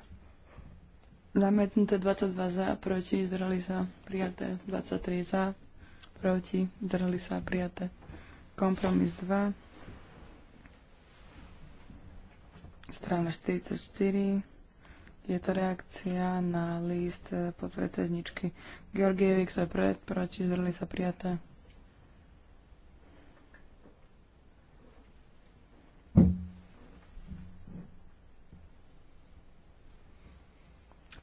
Zamietnuté 22 za, proti, zdrali sa, prijaté. 23 za, proti, drhli sa prijaté. Kompromis 2, strana 44, je to reakcia na list podpredsedničky Georgievi, kto je pred, proti, zdržali sa prijaté.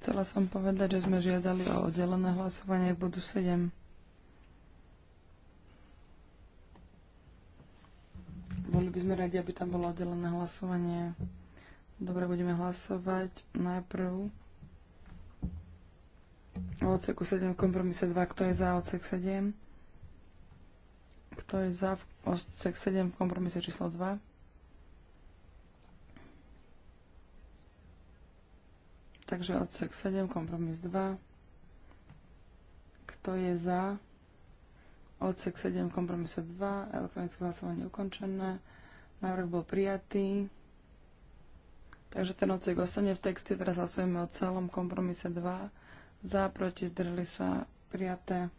Chcela som povedať, že sme žiadali o oddelené hlasovanie v 7. Boli by sme radi, aby tam bolo oddelené hlasovanie. Dobre, budeme hlasovať najprv o odseku 7 kompromise 2. Kto je za odsek 7? Kto je za odsek 7 v kompromise číslo 2? Takže odsek 7, kompromis 2. Kto je za? Odsek 7 kompromisu 2, elektronické hlasovanie ukončené. Návrh bol prijatý. Takže ten odsek ostane v texte. Teraz hlasujeme o celom kompromise 2. Za, proti, zdržali sa, prijaté.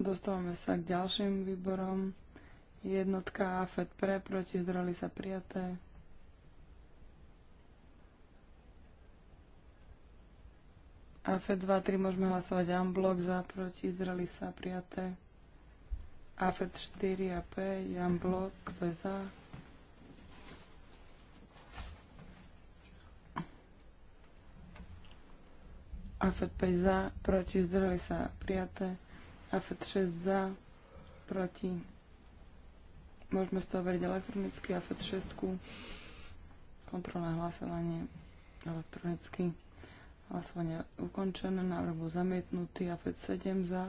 Dostávame sa k ďalším výborom. Jednotka AFED pre, proti, zdržali sa, prijaté. A F2, 3 e môžeme hlasovať unblock, za, proti, zdrali sa, prijaté. A F 4 e a P, unblock, kto je za? A F 5 e za, proti, zdrali sa, prijaté. A F 6 za, proti. Môžeme z toho veriť elektronicky, A F 6 kontrolné hlasovanie elektronicky. Hlasovanie ukončené, návrh bol zamietnutý, AFED 7 za,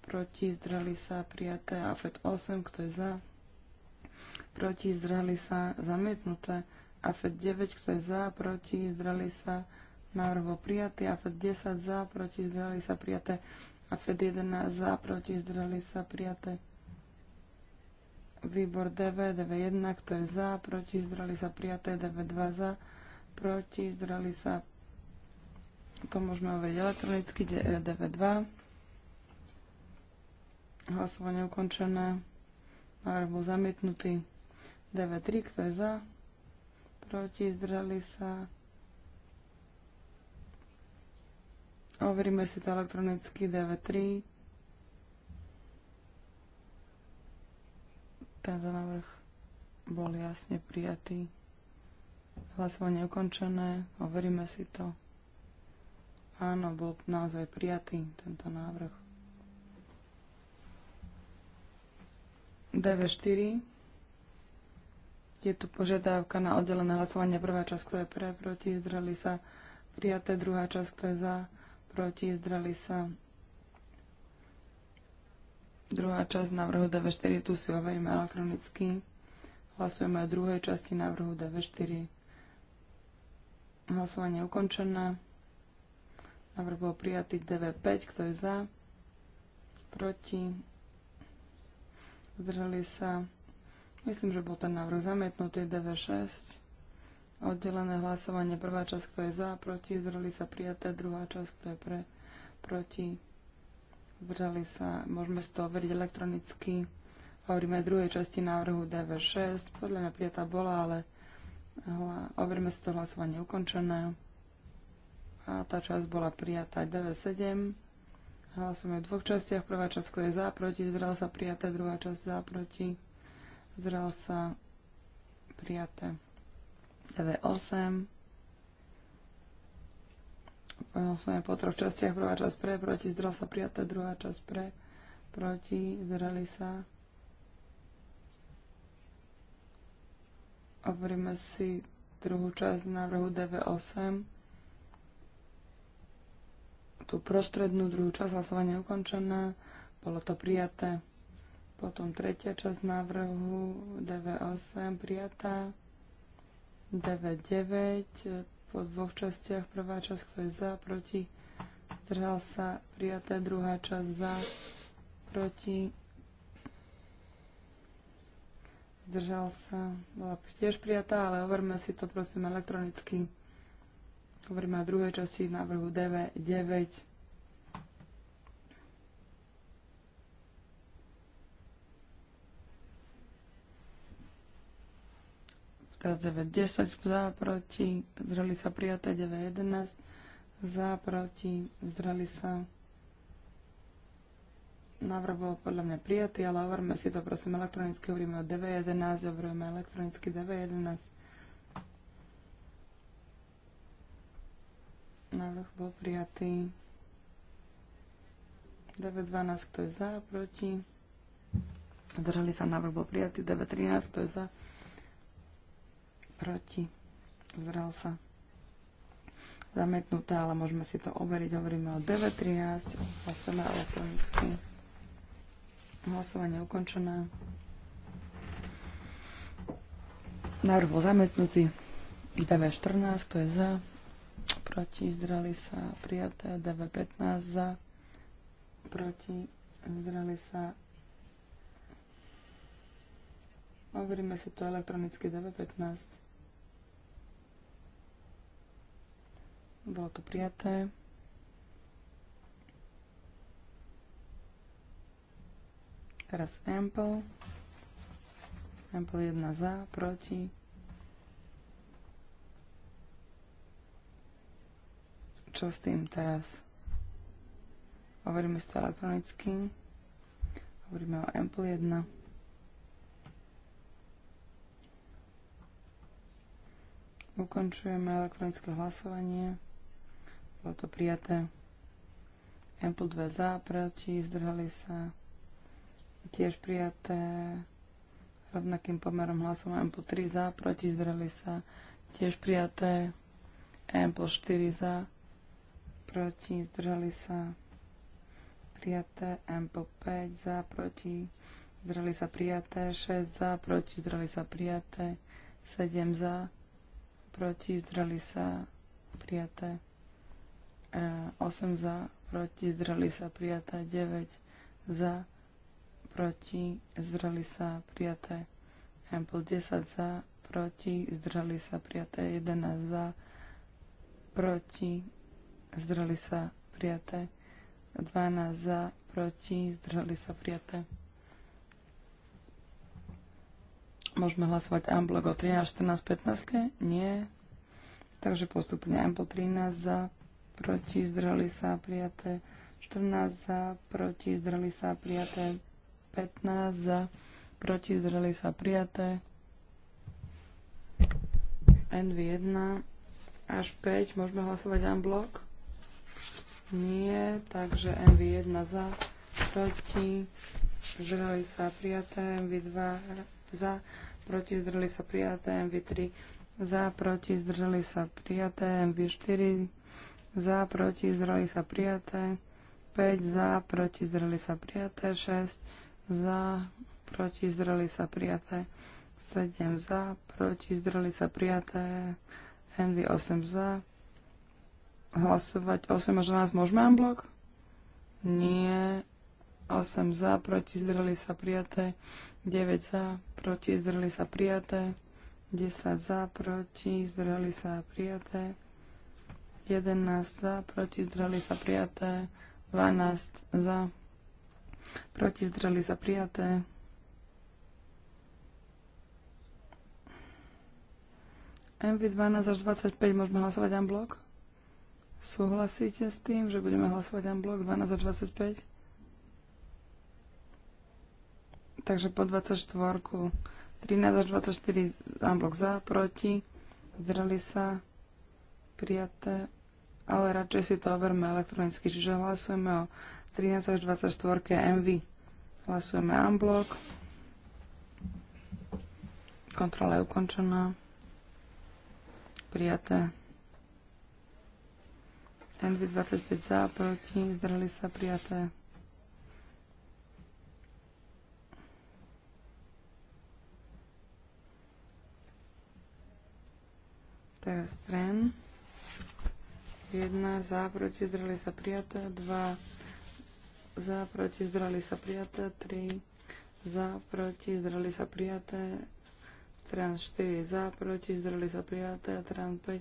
proti, zdrali sa, prijaté, AFED 8, kto je za, proti, zdrali sa, zamietnuté, AFED 9, kto je za, proti, zdrali sa, návrh bol prijatý, AFED 10 za, proti, zdrali sa, prijaté, AFED 11 za, proti, zdrali sa, prijaté. Výbor DV, DV1, kto je za, proti, zdrali sa, prijaté, DV2 za, proti, zdrali sa, to môžeme overiť elektronicky, eh, DV2. Hlasovanie ukončené. Návrh bol zamietnutý. DV3, kto je za? Proti, zdržali sa. Overíme si to elektronicky DV3. Tento návrh bol jasne prijatý. Hlasovanie ukončené. Overíme si to. Áno, bol naozaj prijatý tento návrh. DV4. Je tu požiadavka na oddelené hlasovanie. Prvá časť, kto je pre, proti, zdrali sa. Prijaté druhá časť, kto je za, proti, zdrali sa. Druhá časť návrhu DV4, tu si overíme elektronicky. Hlasujeme o druhej časti návrhu DV4. Hlasovanie ukončené. Návrh bol prijatý DV5, kto je za, proti, zdržali sa. Myslím, že bol ten návrh zamietnutý DV6. Oddelené hlasovanie, prvá časť, kto je za, proti, zdržali sa prijaté, druhá časť, kto je pre, proti, zdržali sa. Môžeme si to overiť elektronicky. Hovoríme aj druhej časti návrhu DV6. Podľa mňa prijatá bola, ale overme si to hlasovanie ukončené. A tá časť bola prijatá 9-7. Hlasujeme v dvoch častiach. Prvá časť, je za, proti, zdral sa prijaté. Druhá časť za, proti, zdral sa prijaté. 9-8. Hlasujeme po troch častiach. Prvá časť pre, proti, zdral sa prijaté. Druhá časť pre, proti, zdrali sa. Overíme si druhú časť návrhu DV8 tú prostrednú druhú časť hlasovania ukončená, bolo to prijaté. Potom tretia časť návrhu DV8 prijatá, DV9 po dvoch častiach, prvá časť, kto je za, proti, zdržal sa, prijaté, druhá časť za, proti, zdržal sa, bola tiež prijatá, ale overme si to prosím elektronicky. Hovoríme o druhej časti návrhu 9. Teraz 9, 10 za, proti, zdrali sa prijaté 9, 11 za, proti, zdrali sa. Návrh bol podľa mňa prijatý, ale overme si to, prosím, elektronicky hovoríme o 9.11, hovoríme elektronicky 9.11. Návrh bol prijatý. 9.12, kto je za, proti. Zdržali sa, návrh bol prijatý. 9.13, kto je za, proti. Zdržal sa. Zametnuté, ale môžeme si to overiť. Hovoríme o 9.13, hlasujeme elektronicky. Hlasovanie ukončené. Návrh bol zametnutý. 9.14, kto je za, proti, zdrali sa prijaté, DV15 za, proti, zdrali sa. Overíme si to elektronicky DV15. Bolo to prijaté. Teraz Ample. Ample 1 za, proti, Čo s tým teraz? Hovoríme si to elektronicky. Hovoríme o Ample 1. Ukončujeme elektronické hlasovanie. Bolo to prijaté. Ample 2 za, proti, zdrhali sa. Tiež prijaté. Rovnakým pomerom hlasom Ample 3 za, proti, zdrhali sa. Tiež prijaté. Ample 4 za, proti, zdržali sa prijaté, Ample 5 za, proti, zdržali sa prijaté, 6 za, proti, zdržali sa prijaté, 7 za, proti, zdržali sa prijaté, 8 e, za, proti, zdržali sa prijaté, 9 za, proti, zdržali sa prijaté, Ample 10 za, proti, zdržali sa prijaté, 11 za, proti, Zdrali sa prijaté. 12 za, proti, zdržali sa prijaté. Môžeme hlasovať Amblok o 13, 14, 15? Nie. Takže postupne amblok 13 za, proti, zdrali sa prijaté. 14 za, proti, zdrali sa prijaté. 15 za, proti, zdrali sa prijaté. NV1 až 5, môžeme hlasovať blok. Nie, takže MV1 za, proti, zdrhli sa prijaté, MV2 za, proti, zdrhli sa prijaté, MV3 za, proti, zdržali sa prijaté, MV4 za, proti, zdržali sa prijaté, 5 za, proti, zdržali sa prijaté, 6 za, proti, zdržali sa prijaté, 7 za, proti, zdržali sa prijaté, NV8 za, hlasovať 8 až 12. Môžeme unblock? Nie. 8 za, proti, zdrli sa prijaté. 9 za, proti, zdrli sa prijaté. 10 za, proti, zdrli sa prijaté. 11 za, proti, zdrli sa prijaté. 12 za, proti, zdrli sa prijaté. MV12 až 25 môžeme hlasovať unblock? Súhlasíte s tým, že budeme hlasovať na blok 12 a 25? Takže po 24. 13 až 24 Amblok za, proti, zdrali sa, prijaté, ale radšej si to overme elektronicky, čiže hlasujeme o 13 až 24 MV. Hlasujeme blok. Kontrola je ukončená. Prijaté. NV25 za, proti, zdrhli sa prijaté. Teraz tren. 1 za, proti, zdrhli sa prijaté. 2 za, proti, zdrhli sa prijaté. 3 za, proti, zdrhli sa prijaté. Tran 4 za, proti, zdrhli sa prijaté. Tran 5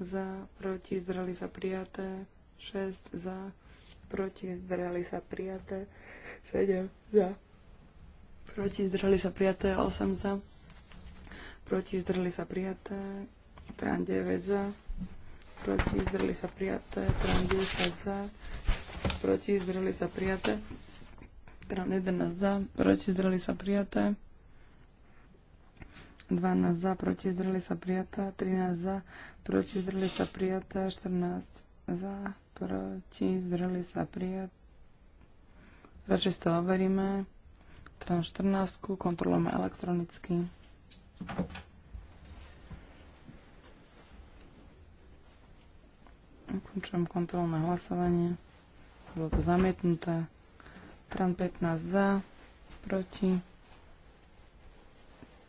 za, proti, zdrali sa prijaté, 6 za, proti, zdrali sa prijaté, 7 za, proti, zdrali sa prijaté, 8 za, proti, zdrali sa prijaté, 9 za, proti, zdrali sa prijaté, 10 za, proti, zdrali sa prijaté, 11 za, proti, zdrali sa prijaté, 12 za, proti zdrli sa prijatá, 13 za, proti zdrli sa prijatá, 14 za, proti zdrli sa prijatá. Radšej si to overíme. Trans 14 kontrolujeme elektronicky. Ukončujem kontrolné hlasovanie. Bolo to zamietnuté. Tran 15 za, proti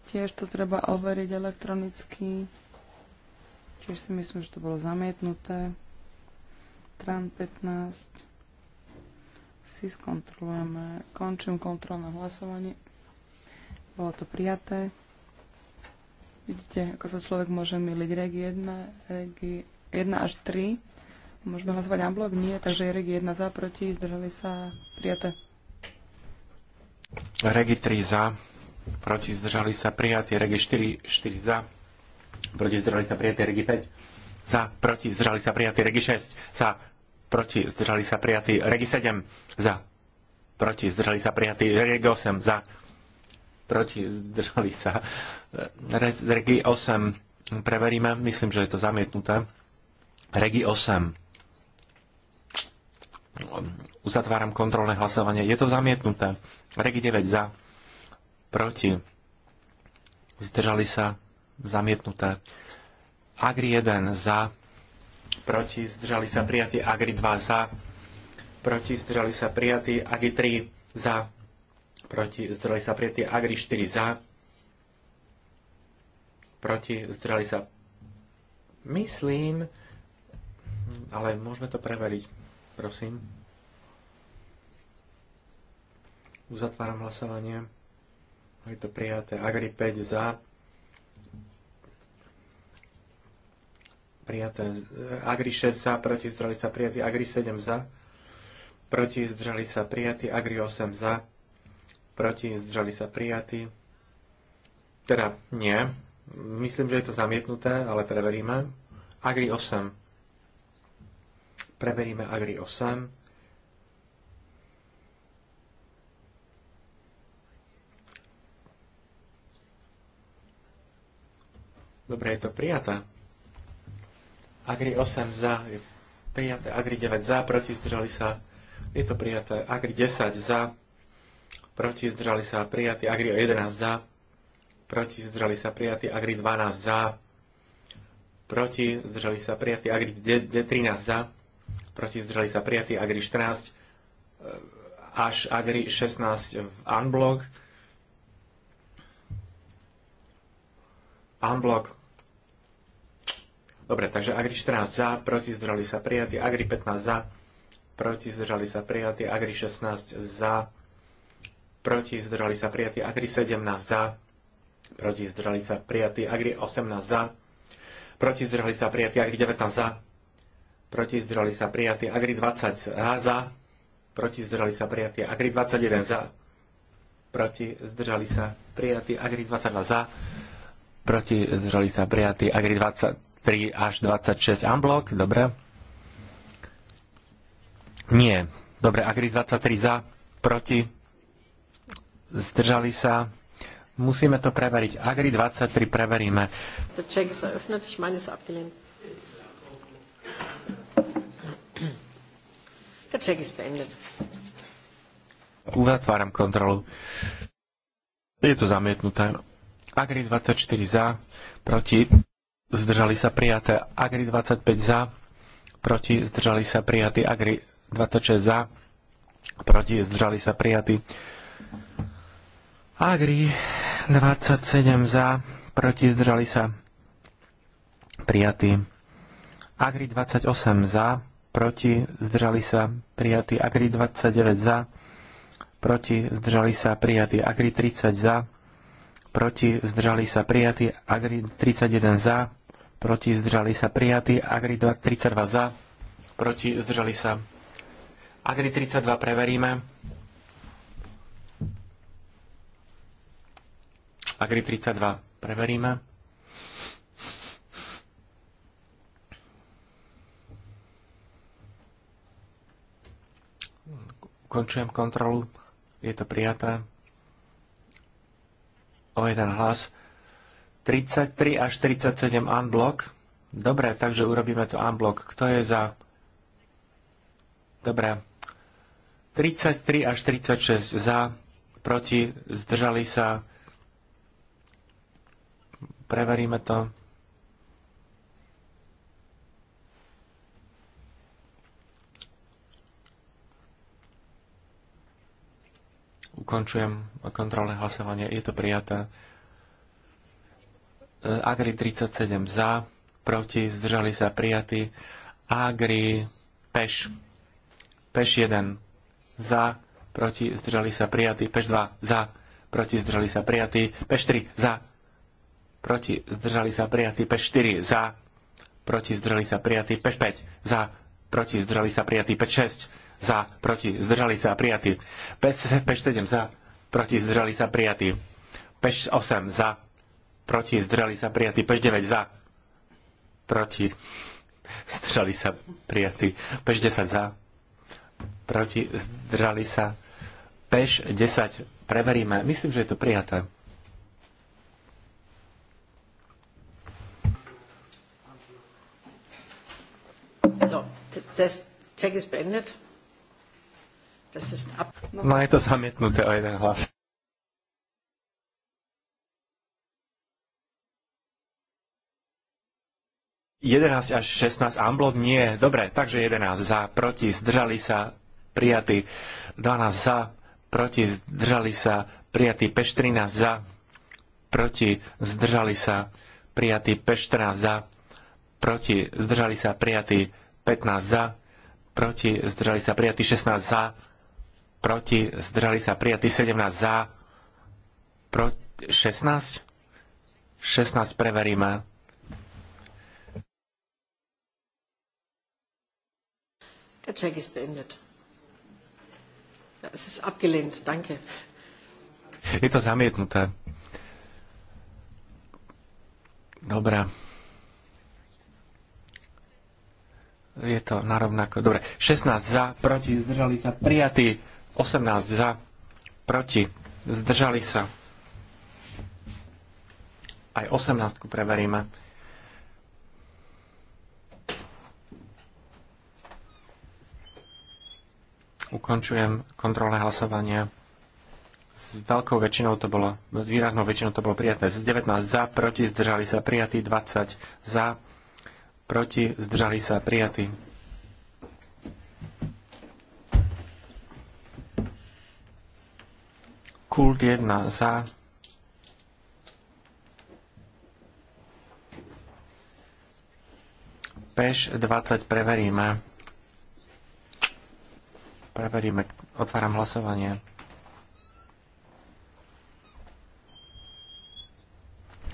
Tiež to treba overiť elektronicky. Tiež si myslím, že to bolo zamietnuté. Tran 15. Si skontrolujeme. Končím kontrolné hlasovanie. Bolo to prijaté. Vidíte, ako sa človek môže miliť. Reg 1, reg 1 až 3. Môžeme hlasovať na blok? Nie, takže je reg 1 za, proti, zdržali sa, prijaté. Regi 3 za, proti zdržali sa prijatí, regi 4, 4 za, proti zdržali sa prijatie regi 5 za, proti zdržali sa prijatí, regi 6 za, proti zdržali sa prijatí, regi 7 za, proti zdržali sa prijatie regi 8 za, proti zdržali sa, regi 8 preveríme, myslím, že je to zamietnuté, regi 8 uzatváram kontrolné hlasovanie, je to zamietnuté, regi 9 za, proti, zdržali sa, zamietnuté. Agri 1 za, proti, zdržali sa prijatí, Agri 2 za, proti, zdržali sa prijatí, Agri 3 za, proti, zdržali sa prijatí, Agri 4 za, proti, zdržali sa. Myslím, ale môžeme to preveriť, prosím. Uzatváram hlasovanie. Je to prijaté. Agri 5 za. Prijaté. Agri 6 za, proti zdrali sa prijatí. Agri 7 za, proti zdržali sa prijatí. Agri 8 za, proti zdrali sa prijatí. Teda nie. Myslím, že je to zamietnuté, ale preveríme. Agri 8. Preveríme Agri 8. Dobre, je to prijaté. Agri 8 za, je prijaté. Agri 9 za, proti, zdržali sa. Je to prijaté. Agri 10 za, proti, zdržali sa, prijatí. Agri 11 za, proti, zdržali sa, prijatí. Agri 12 za, proti, zdržali sa, prijatí. Agri 13 za, proti, zdržali sa, prijatí. Agri 14 e, až Agri 16 v unblock. Unblock Dobre, takže Agri 14 za, proti zdržali sa prijatí, Agri 15 za, proti zdržali sa prijatí, Agri 16 za, proti zdržali sa prijatí, Agri 17 za, proti zdržali sa prijatí, Agri 18 za, proti zdržali sa prijatí, Agri 19 za, proti zdržali sa prijatí, Agri 20 za, proti zdržali sa prijatí, Agri 21 za, proti zdržali sa prijatí, Agri 22 za, proti, zdržali sa prijatí. Agri 23 až 26 Amblok, dobre. Nie. Dobre, Agri 23 za, proti, zdržali sa. Musíme to preveriť. Agri 23 preveríme. The check is Ich meine, abgelehnt. The check is beendet. Uzatváram kontrolu. Je to zamietnuté. Agri 24 za, proti, zdržali sa prijaté. Agri 25 za, proti, zdržali sa prijatí. Agri 26 za, proti, zdržali sa prijatí. Agri 27 za, proti, zdržali sa prijatí. Agri 28 za, proti, zdržali sa prijatí. Agri 29 za, proti, zdržali sa prijatí. Agri 30 za, proti, zdržali sa prijatí, Agri 31 za, proti, zdržali sa prijatí, Agri 32 za, proti, zdržali sa. Agri 32 preveríme. Agri 32 preveríme. Ukončujem kontrolu. Je to prijaté o jeden hlas. 33 až 37 unblock. Dobre, takže urobíme to unblock. Kto je za? Dobre. 33 až 36 za, proti, zdržali sa. Preveríme to. Ukončujem kontrolné hlasovanie. Je to prijaté. E, Agri 37 za, proti, zdržali sa prijatí. Agri, Peš. Peš 1 za, proti, zdržali sa prijatí. Peš 2 za, proti, zdržali sa prijatí. Peš 3 za, proti, zdržali sa prijatí. Peš 4 za, proti, zdržali sa prijatí. Peš 5 za, proti, zdržali sa prijatí. Peš 6 za, proti, zdržali sa, prijatý. 5-7 za, proti, zdržali sa, prijatí. 5-8 za, proti, zdržali sa, prijatí. 5-9 za, proti, zdržali sa, prijatý. 5-10 za, proti, zdržali sa, peš 10, preveríme. Myslím, že je to prijaté. So, test, check is beendet. No je to zamietnuté o jeden hlas. Jedenásť až 16 amblok nie. Dobre, takže 11 za, proti, zdržali sa, prijatí. 12 za, proti, zdržali sa, prijatí. Peš 13 za, proti, zdržali sa, prijatí. Peš 14 za, proti, zdržali sa, prijatí. 15 za, proti, zdržali sa, prijatí. 16 za, proti, zdržali sa prijatí 17 za, proti, 16? 16 preveríme. Der Check ist beendet. Es ist abgelehnt, danke. Je to zamietnuté. Dobre. Je to narovnako. Dobre. 16 za, proti, zdržali sa, prijatí. 18 za, proti, zdržali sa. Aj 18 preveríme. Ukončujem kontrolné hlasovanie. S veľkou väčšinou to bolo, s výraznou väčšinou to bolo prijaté. Z 19 za, proti, zdržali sa prijatí, 20 za, proti, zdržali sa prijatí. Kult 1 za. Peš 20 preveríme. Preveríme. Otváram hlasovanie.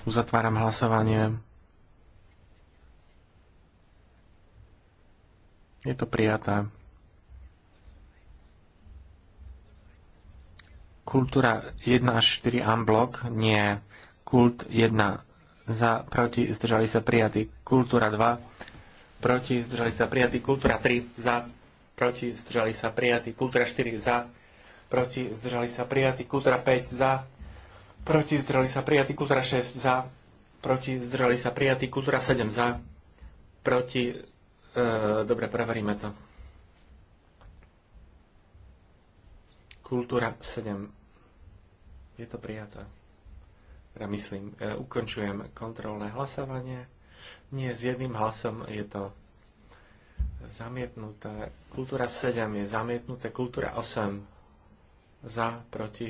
Uzatváram hlasovanie. Je to prijaté. kultúra 1 až 4 unblock, nie kult 1 za, proti, zdržali sa prijatí. Kultúra 2, proti, zdržali sa prijatí. Kultúra 3, za, proti, zdržali sa prijatí. Kultúra 4, za, proti, zdržali sa prijatí. Kultúra 5, za, proti, zdržali sa prijatí. Kultúra 6, za, proti, zdržali sa prijatí. Kultúra 7, za, proti, e, dobre, preveríme to. Kultúra 7 je to prijaté. Ja teda myslím, e, ukončujem kontrolné hlasovanie. Nie, s jedným hlasom je to zamietnuté. Kultúra 7 je zamietnuté. Kultúra 8 za, proti.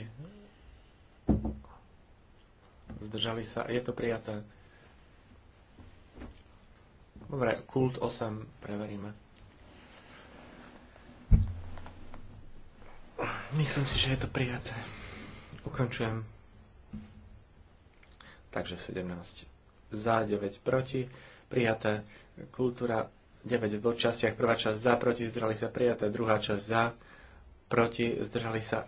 Zdržali sa. Je to prijaté. Dobre, kult 8 preveríme. Myslím si, že je to prijaté. Ukončujem. Takže 17 za, 9 proti, prijaté. Kultúra 9 v dvoch častiach. Prvá časť za, proti, zdržali sa, prijaté. Druhá časť za, proti, zdržali sa,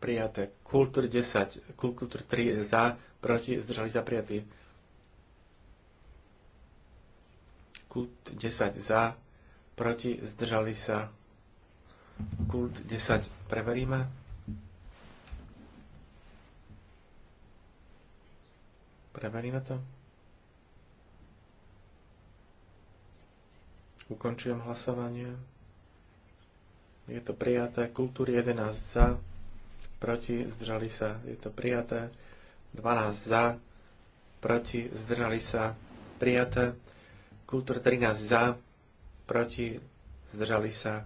prijaté. Kultúr 10, kultúr 3 za, proti, zdržali sa, prijatí. Kult 10 za, proti, zdržali sa. Kult 10 preveríme. Preveríme to. Ukončujem hlasovanie. Je to prijaté. Kultúry 11 za, proti, zdržali sa. Je to prijaté. 12 za, proti, zdržali sa. Prijaté. Kultúr 13 za, proti, zdržali sa.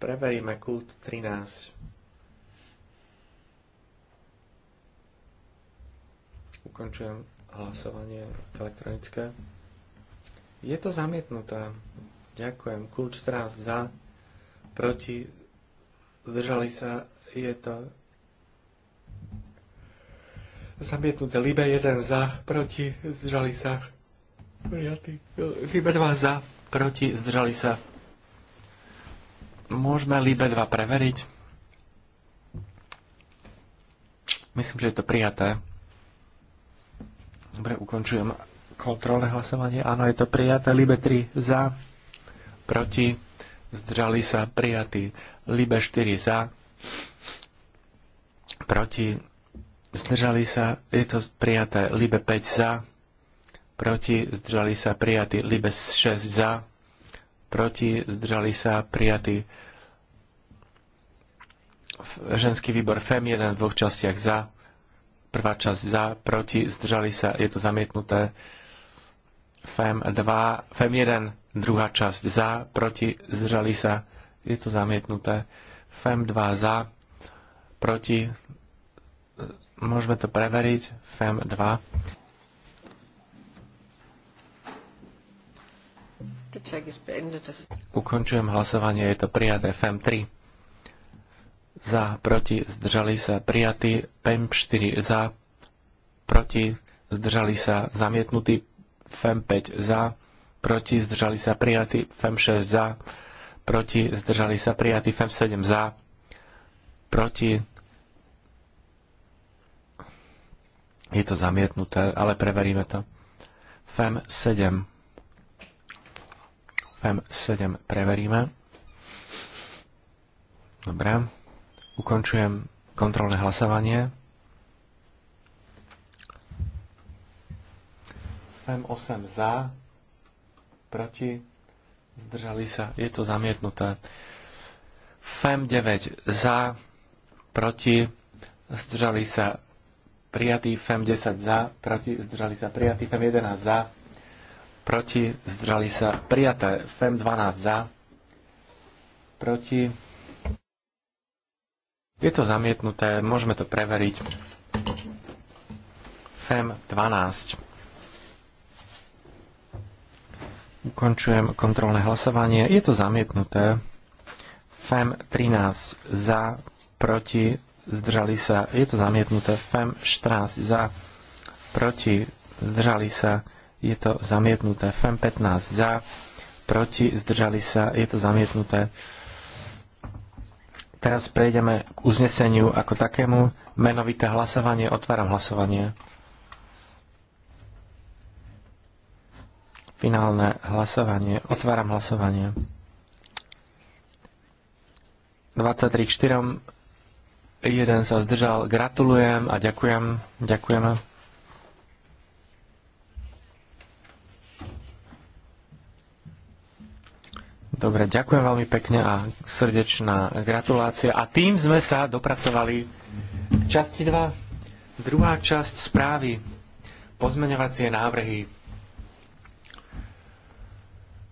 Preveríme kult 13. Ukončujem hlasovanie elektronické. Je to zamietnuté. Ďakujem. Kľúč 14 za, proti, zdržali sa, je to zamietnuté. Libe 1 za, proti, zdržali sa, prijatý. Libe 2 za, proti, zdržali sa. Môžeme Libe 2 preveriť. Myslím, že je to prijaté. Dobre, ukončujem kontrolné hlasovanie. Áno, je to prijaté. Libe 3 za, proti, zdržali sa, prijatí. Libe 4 za, proti, zdržali sa, je to prijaté. Libe 5 za, proti, zdržali sa, prijatí. Libe 6 za, proti, zdržali sa, prijatí. Ženský výbor FEM 1 v dvoch častiach za, Prvá časť za, proti, zdržali sa, je to zamietnuté. FEM 2, FEM 1, druhá časť za, proti, zdržali sa, je to zamietnuté. FEM 2 za, proti, môžeme to preveriť, FEM 2. Ukončujem hlasovanie, je to prijaté FEM 3 za, proti, zdržali sa prijatí, PEM 4 za, proti, zdržali sa zamietnutý, FEM 5 za, proti, zdržali sa prijatý, FEM 6 za, proti, zdržali sa prijatý, FEM e 7 za, proti, je to zamietnuté, ale preveríme to. FEM 7. FEM 7 preveríme. Dobre. Ukončujem kontrolné hlasovanie. M8 za, proti, zdržali sa, je to zamietnuté. FEM 9 za, proti, zdržali sa, prijatý, FEM 10 za, proti, zdržali sa, prijatý, FEM 11 za, proti, zdržali sa, prijaté, FEM 12 za, proti, je to zamietnuté, môžeme to preveriť. FEM 12. Ukončujem kontrolné hlasovanie. Je to zamietnuté. FEM 13 za, proti, zdržali sa. Je to zamietnuté. FEM 14 za, proti, zdržali sa. Je to zamietnuté. FEM 15 za, proti, zdržali sa. Je to zamietnuté. Teraz prejdeme k uzneseniu ako takému. Menovité hlasovanie. Otváram hlasovanie. Finálne hlasovanie. Otváram hlasovanie. 23 k 4. Jeden sa zdržal. Gratulujem a ďakujem. Ďakujeme. Dobre, ďakujem veľmi pekne a srdečná gratulácia. A tým sme sa dopracovali časti 2. Druhá časť správy. Pozmeňovacie návrhy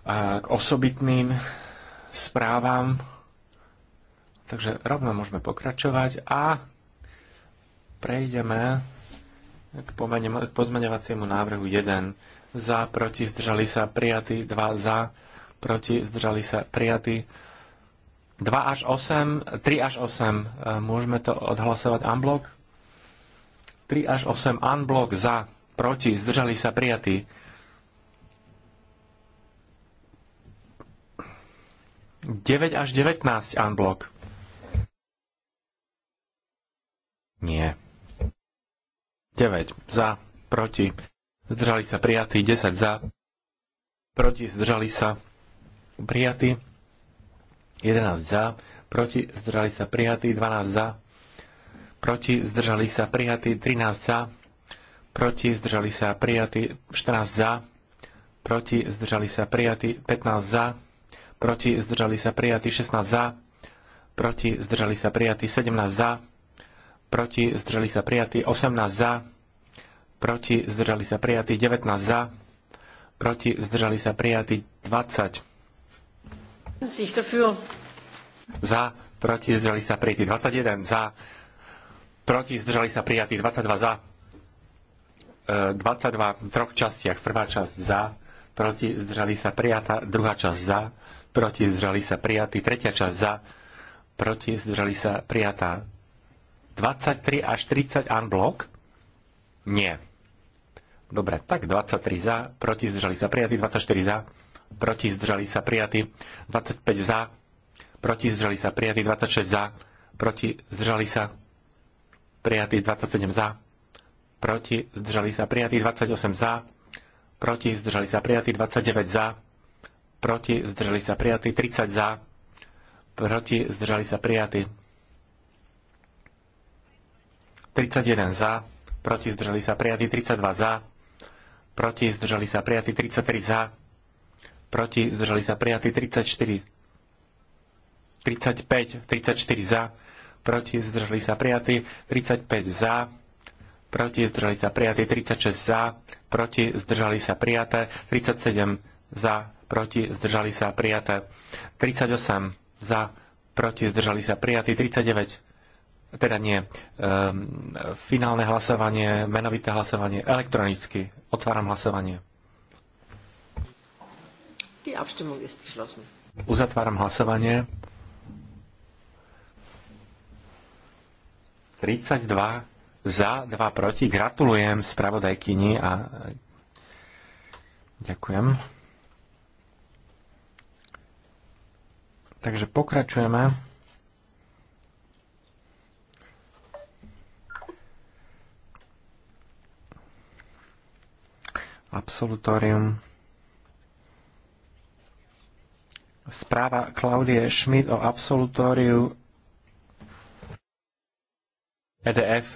a k osobitným správam. Takže rovno môžeme pokračovať a prejdeme k pozmeňovaciemu návrhu 1. Za, proti, zdržali sa, prijatí 2 za, proti, zdržali sa prijatí. 2 až 8, 3 až 8, e, môžeme to odhlasovať unblock. 3 až 8 unblock za, proti, zdržali sa prijatí. Deväť až 19 unblock. Nie. 9 za, proti, zdržali sa prijatí, 10 za, proti, zdržali sa prijatý, 11 za, proti, zdržali sa prijatí, 12 za, proti, zdržali sa prijatý, 13 za, proti, zdržali sa prijatí, 14 za, proti, zdržali sa prijatí, 15 za, proti, zdržali sa prijatý, 16 za, proti, zdržali sa prijatý, 17 za, proti, zdržali sa prijatý, 18 za, proti, zdržali sa prijatí, 19 za, proti, zdržali sa prijatí, 20 za, proti, zdržali sa prijatí 21, za, proti, zdržali sa prijatí 22, za, 22 e, v troch častiach. Prvá časť za, proti, zdržali sa prijatá, druhá časť za, proti, zdržali sa prijatí, tretia časť za, proti, zdržali sa prijatá. 23 až 30 unblock? Nie. Dobre, tak 23 za, proti, zdržali sa prijatí, 24 za, proti zdržali sa prijatí, 25 za, proti zdržali sa prijatí, 26 za, proti zdržali sa prijatí, 27 za, proti zdržali sa prijatí, 28 za, proti zdržali sa prijatí, 29 za, proti zdržali sa prijatí, 30 za, proti zdržali sa prijatí, 31 za, proti zdržali sa prijatí, 32 za, proti zdržali sa prijatí, 33 za, proti, zdržali sa prijatí 34, 35, 34 za, proti, zdržali sa prijatí 35 za, proti, zdržali sa prijatí 36 za, proti, zdržali sa prijaté 37 za, proti, zdržali sa prijaté 38 za, proti, zdržali sa prijatí 39 teda nie, um, finálne hlasovanie, menovité hlasovanie, elektronicky. Otváram hlasovanie. Die Abstimmung ist geschlossen. Uzatváram hlasovanie. 32 za, 2 proti. Gratulujem spravodajkyni a ďakujem. Takže pokračujeme. Absolutorium. Správa Klaudie Schmidt o absolutóriu EDF.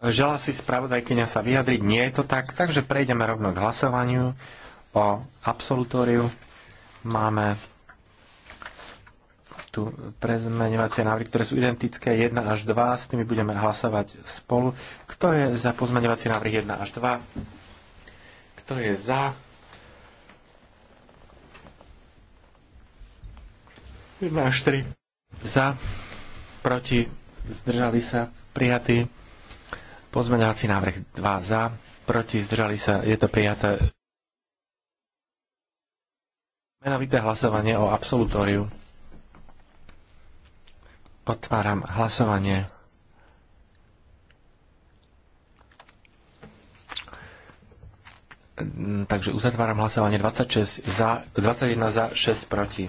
Žela si spravodajkyňa sa vyjadriť, nie je to tak, takže prejdeme rovno k hlasovaniu o absolutóriu. Máme tu prezmeňovacie návrhy, ktoré sú identické 1 až 2, s tými budeme hlasovať spolu. Kto je za pozmeňovací návrh 1 až 2? Kto je za? 1 až 3 za, proti, zdržali sa, prijatý. Pozmeňovací návrh 2 za, proti, zdržali sa, je to prijaté. Menovité hlasovanie o absolutóriu. Otváram hlasovanie. Takže uzatváram hlasovanie 26 za, 21 za, 6 proti.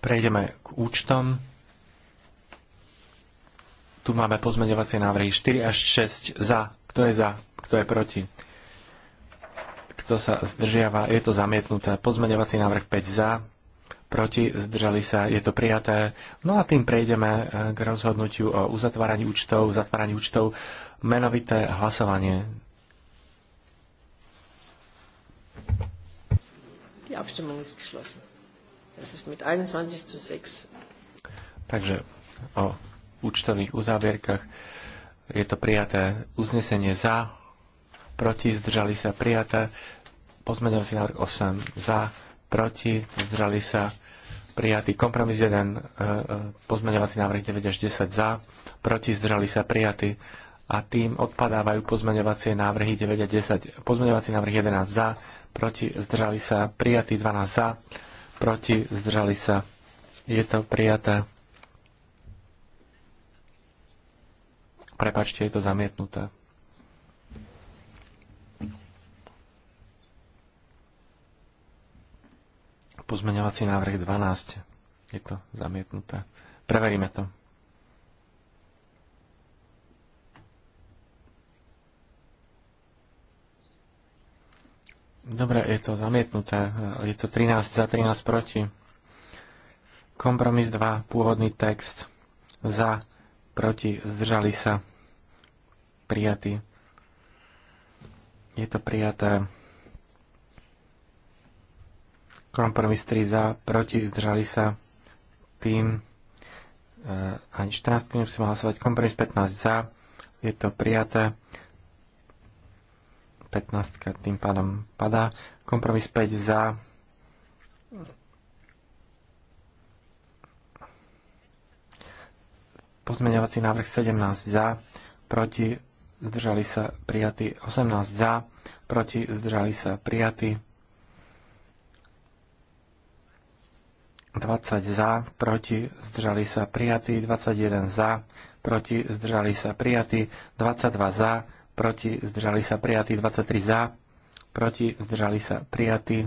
Prejdeme k účtom. Tu máme pozmeňovacie návrhy 4 až 6 za. Kto je za? Kto je proti? Kto sa zdržiava? Je to zamietnuté. Pozmeňovací návrh 5 za. Proti zdržali sa, je to prijaté. No a tým prejdeme eh, k rozhodnutiu o uzatváraní účtov, zatváraní účtov, menovité hlasovanie. Die Abstimmung ist geschlossen. Das ist mit 21 zu 6. Takže o účtových uzávierkach je to prijaté uznesenie za, proti, zdržali sa prijaté, pozmeňovací návrh 8 za, proti, zdržali sa prijatý kompromis 1, e, e, pozmeňovací návrh 9 až 10 za, proti, zdržali sa prijatý a tým odpadávajú pozmeňovacie návrhy 9 a 10. Pozmeňovací návrh 11 za, proti, zdržali sa prijatý 12 za, proti, zdržali sa. Je to prijaté. Prepačte, je to zamietnuté. Pozmeňovací návrh 12. Je to zamietnuté. Preveríme to. Dobre, je to zamietnuté. Je to 13 za 13 proti. Kompromis 2, pôvodný text. Za, proti, zdržali sa. Prijatý. Je to prijaté. Kompromis 3 za, proti, zdržali sa. Tým eh, ani 14 musíme hlasovať. Kompromis 15 za. Je to prijaté. 15 tým pádom padá. Kompromis 5 za. Pozmeňovací návrh 17 za. Proti zdržali sa prijatí 18 za. Proti zdržali sa prijatí 20 za, proti zdržali sa prijatí, 21 za, proti zdržali sa prijatí, 22 za, proti zdržali sa prijatí, 23 za, proti zdržali sa prijatí.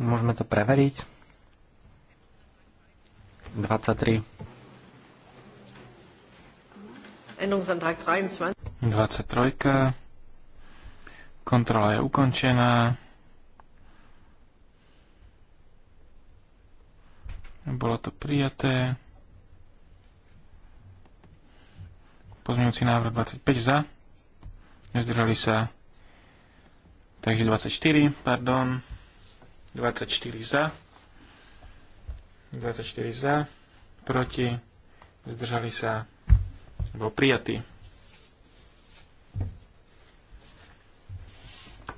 Môžeme to preveriť. 23. 23. Kontrola je ukončená. Bolo to prijaté. Pozmeňujúci návrh 25 za. Zdržali sa. Takže 24, pardon. 24 za. 24 za. Proti. Zdržali sa. Bol prijatý.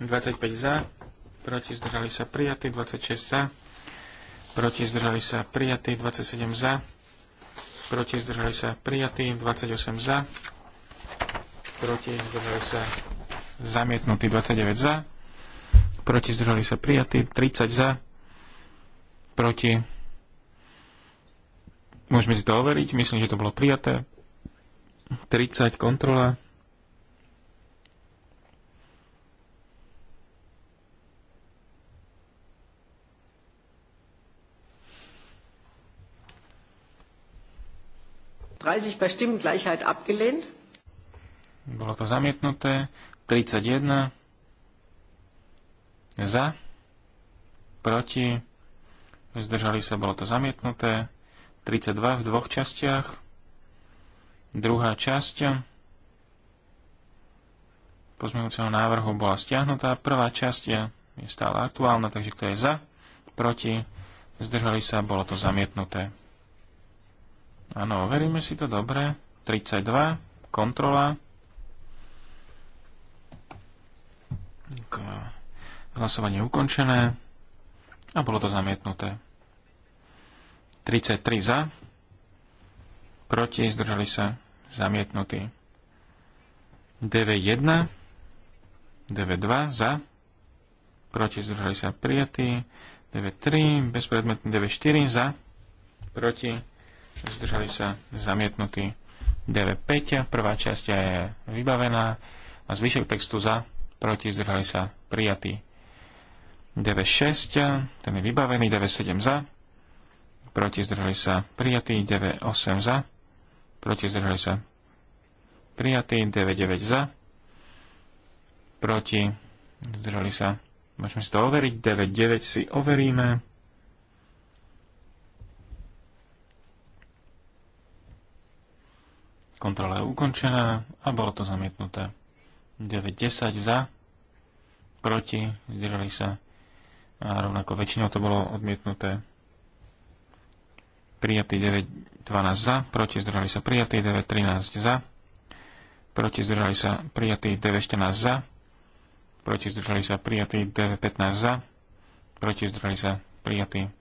25 za, proti zdržali sa prijatí, 26 za, proti zdržali sa prijatí, 27 za, proti zdržali sa prijatí, 28 za, proti zdržali sa zamietnutí, 29 za, proti zdržali sa prijatí, 30 za, proti, môžeme si to overiť, myslím, že to bolo prijaté, 30 kontrola, 30 bei Stimmengleichheit abgelehnt. Bolo to zamietnuté. 31 za, proti, zdržali sa, bolo to zamietnuté. 32 v dvoch častiach. Druhá časť pozmeňujúceho návrhu bola stiahnutá. Prvá časť je, je stále aktuálna, takže kto je za, proti, zdržali sa, bolo to zamietnuté. Áno, overíme si to dobre. 32, kontrola. Hlasovanie ukončené. A bolo to zamietnuté. 33 za. Proti, zdržali sa. zamietnutí. 91, 1 za. Proti, zdržali sa. prijatí. 93 Bezpredmetný 94 za. Proti zdržali sa zamietnutí. DV5, prvá časť je vybavená a zvyšok textu za, proti, zdržali sa prijatí. DV6, ten je vybavený, DV7 za, proti, zdržali sa prijatí, DV8 za, proti, zdržali sa prijatí, DV9 za, proti, zdržali sa. Môžeme si to overiť, 9.9 si overíme. Kontrola je ukončená a bolo to zamietnuté. 9-10 za, proti, zdržali sa a rovnako väčšinou to bolo odmietnuté. Prijatý 9-12 za, proti, zdržali sa prijatý 9-13 za, proti, zdržali sa prijatý 9-14 za, proti, zdržali sa prijatý 9-15 za, proti, zdržali sa prijatý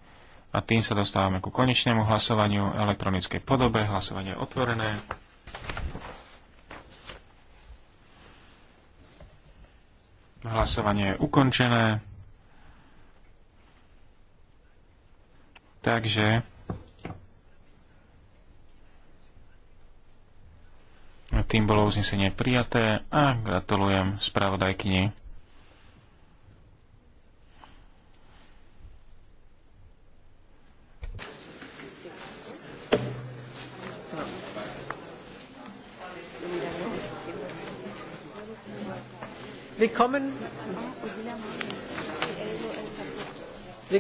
a tým sa dostávame ku konečnému hlasovaniu elektronickej podobe. Hlasovanie je otvorené. Hlasovanie je ukončené. Takže tým bolo uznesenie prijaté a gratulujem spravodajkyni. Wir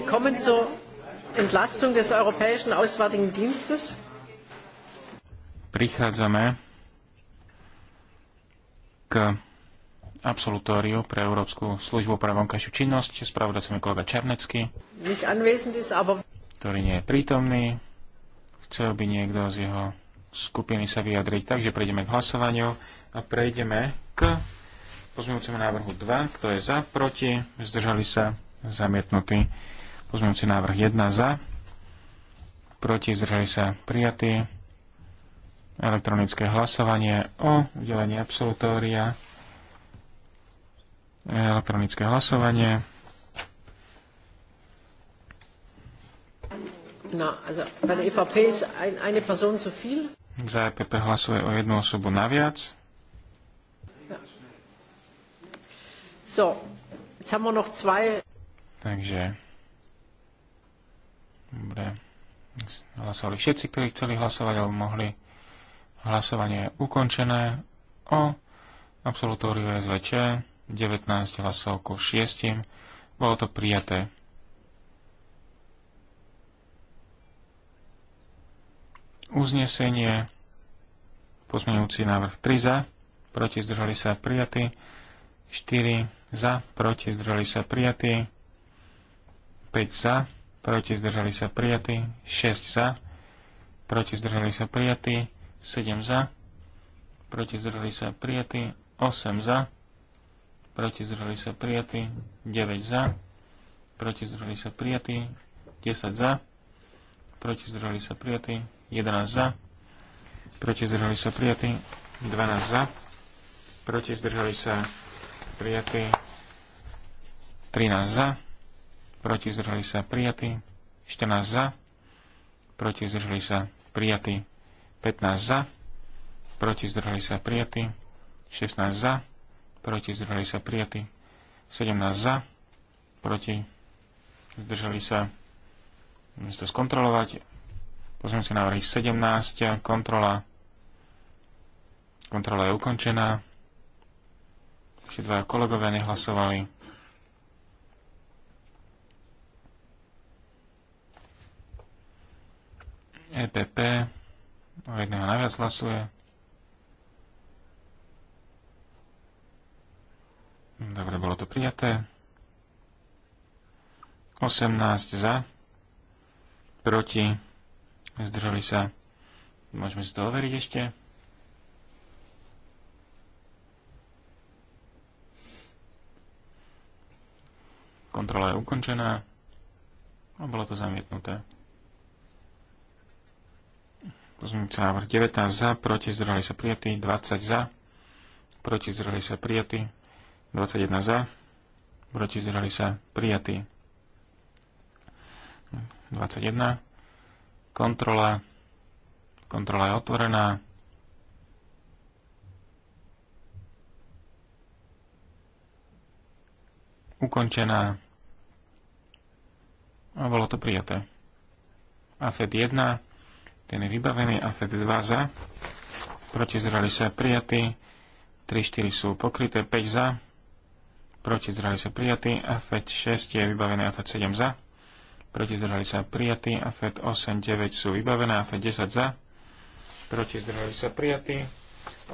kommen, zur Entlastung des Europäischen Auswärtigen Dienstes. Prichádzame k absolutóriu pre Európsku službu pre vonkajšiu činnosť. Spravodajcom je kolega Černecký, ktorý nie je prítomný. Chcel by niekto z jeho skupiny sa vyjadriť, takže prejdeme k hlasovaniu a prejdeme k pozmeňujúcemu návrhu 2. Kto je za? Proti? Zdržali sa? Zamietnutý. Pozmeňujúci návrh 1 za. Proti? Zdržali sa? Prijatý. Elektronické hlasovanie o udelení absolutória. Elektronické hlasovanie. E za EPP hlasuje o jednu osobu naviac. So, jetzt haben wir noch zwei. Takže. Dobre. Hlasovali všetci, ktorí chceli hlasovať, alebo mohli. Hlasovanie je ukončené o absolutóriu SVČ. 19 hlasov ku 6. Bolo to prijaté. Uznesenie pozmeňujúci návrh 3 za, proti zdržali sa prijatí 4 za, proti, zdržali sa prijatí. 5 za, proti, zdržali sa prijatí. 6 za, proti, zdržali sa prijatí. 7 za, proti, zdržali sa prijatí. 8 za, proti, zdržali sa prijatí. 9 za, proti, zdržali sa prijatí. 10 za, proti, zdržali sa prijatí. 11 za, proti, zdržali sa prijatí. 12 za, proti, zdržali sa prijatí prijatý. 13 za, proti zdržali sa prijatý. 14 za, proti zdržali sa prijatý. 15 za, proti zdržali sa prijatý. 16 za, proti zdržali sa prijatý. 17 za, proti zdržali sa Môžeme to skontrolovať. Pozrieme si na 17, kontrola. Kontrola je ukončená. Ešte dvaja kolegovia nehlasovali. EPP o jedného najviac hlasuje. Dobre, bolo to prijaté. 18 za, proti, zdržali sa. Môžeme si to overiť ešte. Kontrola je ukončená a bolo to zamietnuté. Pozmeňujúci návrh 19 za, proti zdrhali sa prijatí, 20 za, proti zdrhali sa prijatí, 21 za, proti zdrhali sa prijatí. 21. Kontrola. Kontrola je otvorená. ukončená a bolo to prijaté. AFED 1, ten je vybavený, AFED 2 za, proti zrali sa prijatý, 3, 4 sú pokryté, 5 za, proti zrali sa prijatý, AFED 6 je vybavený, AFED 7 za, proti zrali sa prijatý, AFED 8, 9 sú vybavené, AFED 10 za, proti zrali sa prijatý,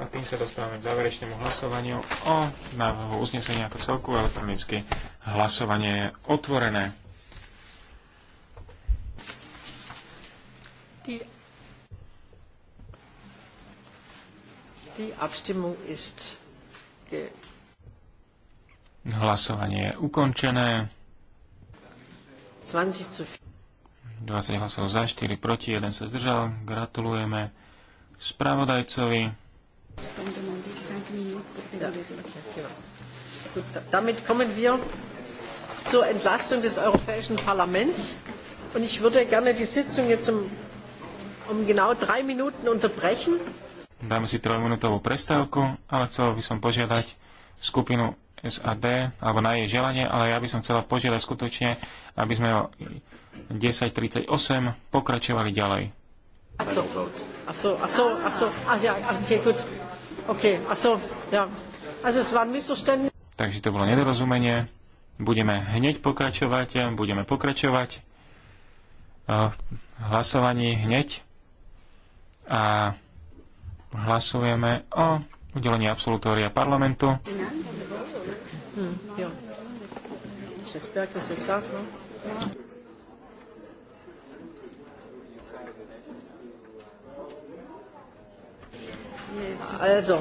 a tým sa dostávame k záverečnému hlasovaniu o návrhu uznesenia ako celku elektronicky. Hlasovanie je otvorené. Die, Abstimmung ist ge Hlasovanie je ukončené. 20 zu 20 hlasov za, 4 proti, 1 sa zdržal. Gratulujeme spravodajcovi. Damit kommen wir zur Entlastung des Europäischen Parlaments. Und ich würde gerne die Sitzung jetzt um, um genau drei Minuten unterbrechen. Dáme si trojminútovú prestávku, ale chcel by som požiadať skupinu SAD, alebo na jej želanie, ale ja by som chcela požiadať skutočne, aby sme o 10.38 pokračovali ďalej. So. Ach so, ach ach ah, ja, okay, gut. Okay, ach ja. Also es waren Missverständnisse. Takže to bolo nedorozumenie. Budeme hneď pokračovať, budeme pokračovať eh, v hlasovaní hneď a hlasujeme o udelení absolutória parlamentu. Hmm, jo. J'espère Also,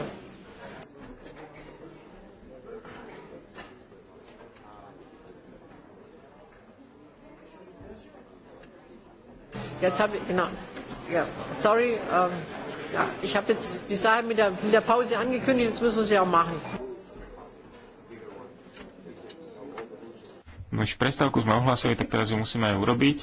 Jetzt habe ich, genau, ja, sorry, ähm, ja, ich habe jetzt die Sache mit der, mit der Pause angekündigt, jetzt müssen wir sie auch machen. No, už prestávku sme ohlasili, tak teraz ju musíme aj urobiť.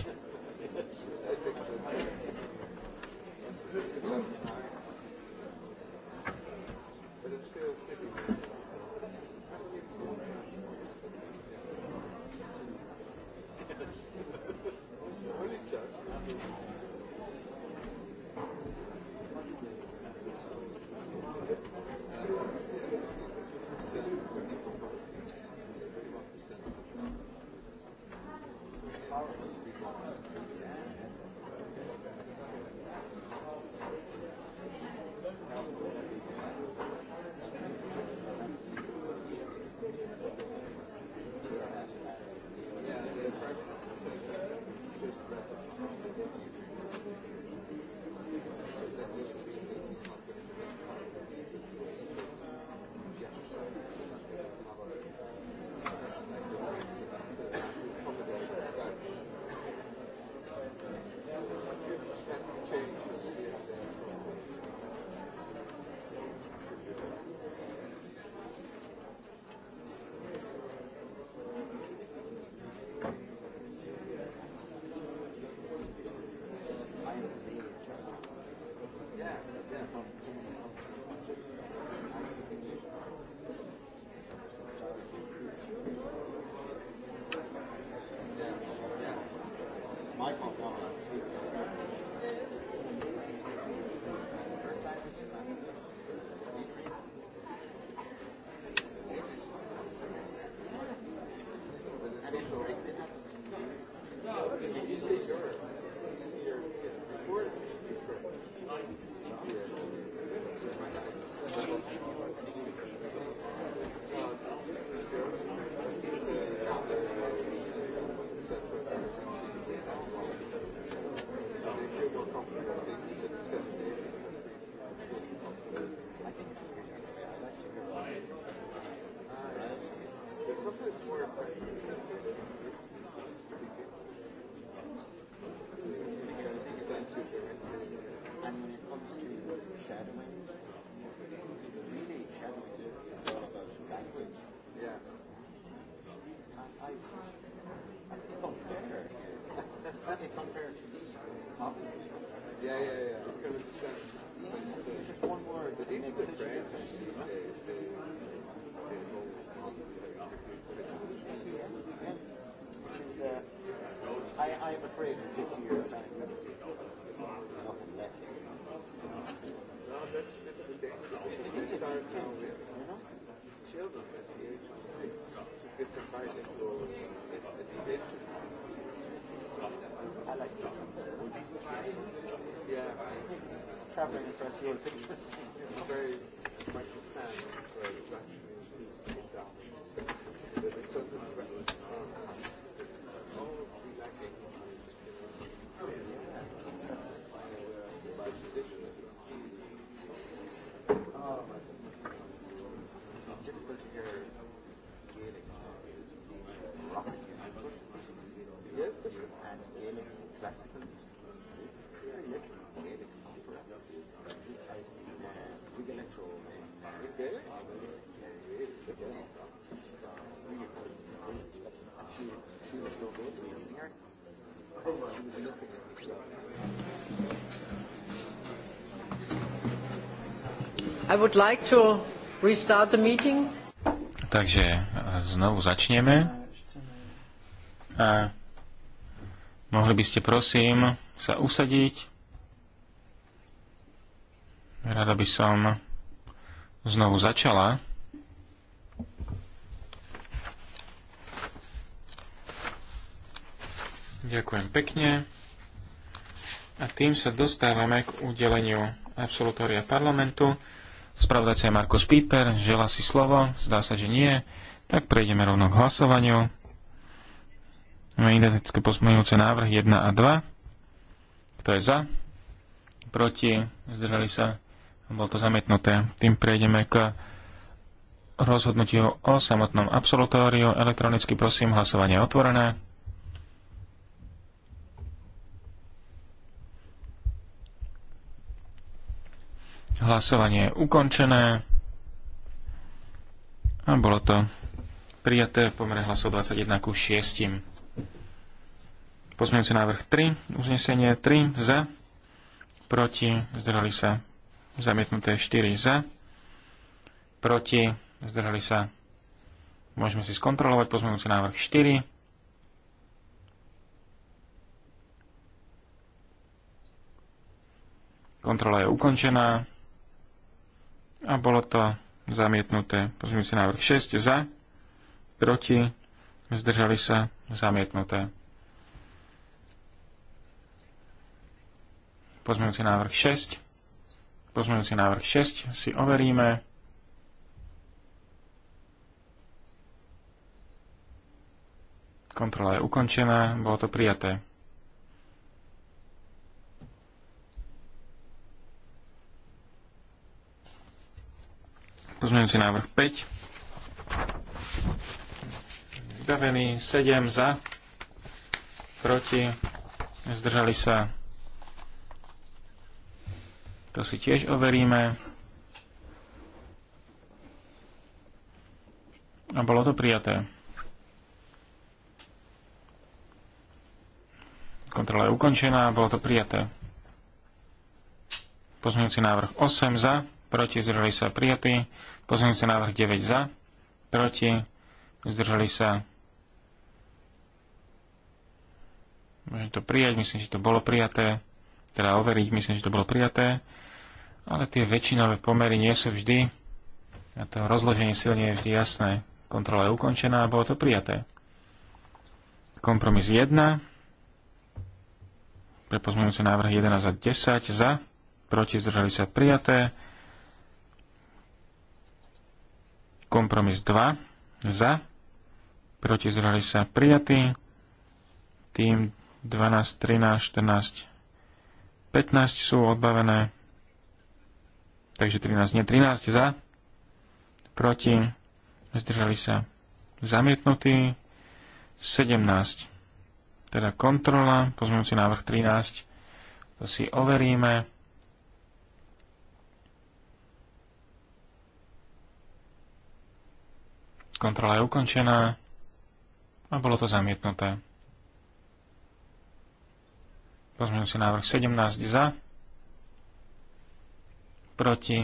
Just one word, but it makes such a difference. Which is, uh, I, I'm afraid in 50 years' time, nothing left. No, a bit of you know? Children at the age of six to get the fighting law, it's a I like difference. Yeah, it's traveling across Europe, It's very much a fan. I would like to restart the meeting. Takže e, znovu začneme. A mohli by ste prosím sa usadiť. Rada by som znovu začala. Ďakujem pekne. A tým sa dostávame k udeleniu absolutória parlamentu. Spravodajca je Markus Píper, žela si slovo, zdá sa, že nie. Tak prejdeme rovno k hlasovaniu. Máme identické pozmeňujúce návrh 1 a 2. Kto je za? Proti? Zdržali sa? Bolo to zamietnuté. Tým prejdeme k rozhodnutiu o samotnom absolutóriu. Elektronicky prosím, hlasovanie je otvorené. Hlasovanie je ukončené. A bolo to prijaté v pomere hlasov 21 ku 6. Pozmeňujúci návrh 3, uznesenie 3 za, proti, zdržali sa, zamietnuté 4 za, proti, zdržali sa, môžeme si skontrolovať pozmeňujúci návrh 4. Kontrola je ukončená a bolo to zamietnuté. si návrh 6 za, proti, zdržali sa, zamietnuté. Pozmeňujúci návrh 6. Pozmeňujúci návrh 6 si overíme. Kontrola je ukončená, bolo to prijaté. Pozmeňujúci návrh 5. Vybavený 7 za, proti, zdržali sa. To si tiež overíme. A bolo to prijaté. Kontrola je ukončená, bolo to prijaté. Pozmeňujúci návrh 8 za, proti, zdržali sa prijatí. sa návrh 9 za, proti, zdržali sa. Môžem to prijať, myslím, že to bolo prijaté. Teda overiť, myslím, že to bolo prijaté. Ale tie väčšinové pomery nie sú vždy. A to rozloženie sil nie je vždy jasné. Kontrola je ukončená a bolo to prijaté. Kompromis 1. Pre pozmeňujúce návrhy 11 a 10 za proti zdržali sa prijaté, Kompromis 2 za, proti zdržali sa prijatí. Tým 12, 13, 14, 15 sú odbavené. Takže 13, nie 13 za, proti zdržali sa zamietnutí. 17, teda kontrola, pozmeňujúci návrh 13, to si overíme. Kontrola je ukončená a bolo to zamietnuté. si návrh 17 za, proti,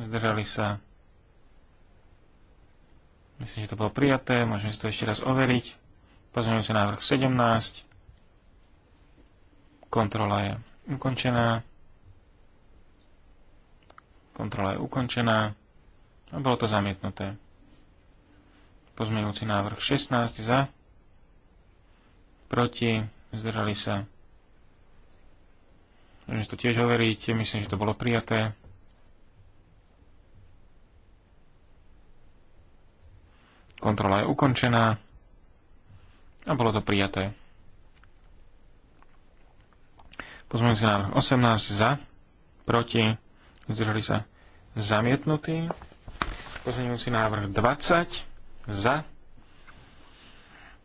zdržali sa. Myslím, že to bolo prijaté, môžeme si to ešte raz overiť. si návrh 17. Kontrola je ukončená. Kontrola je ukončená a bolo to zamietnuté. Pozmeňujúci návrh 16 za. Proti. Zdržali sa. Môžem to tiež overiť. Myslím, že to bolo prijaté. Kontrola je ukončená. A bolo to prijaté. Pozmeňujúci návrh 18 za. Proti. Zdržali sa. Zamietnutý. Pozmeňujúci návrh 20 za,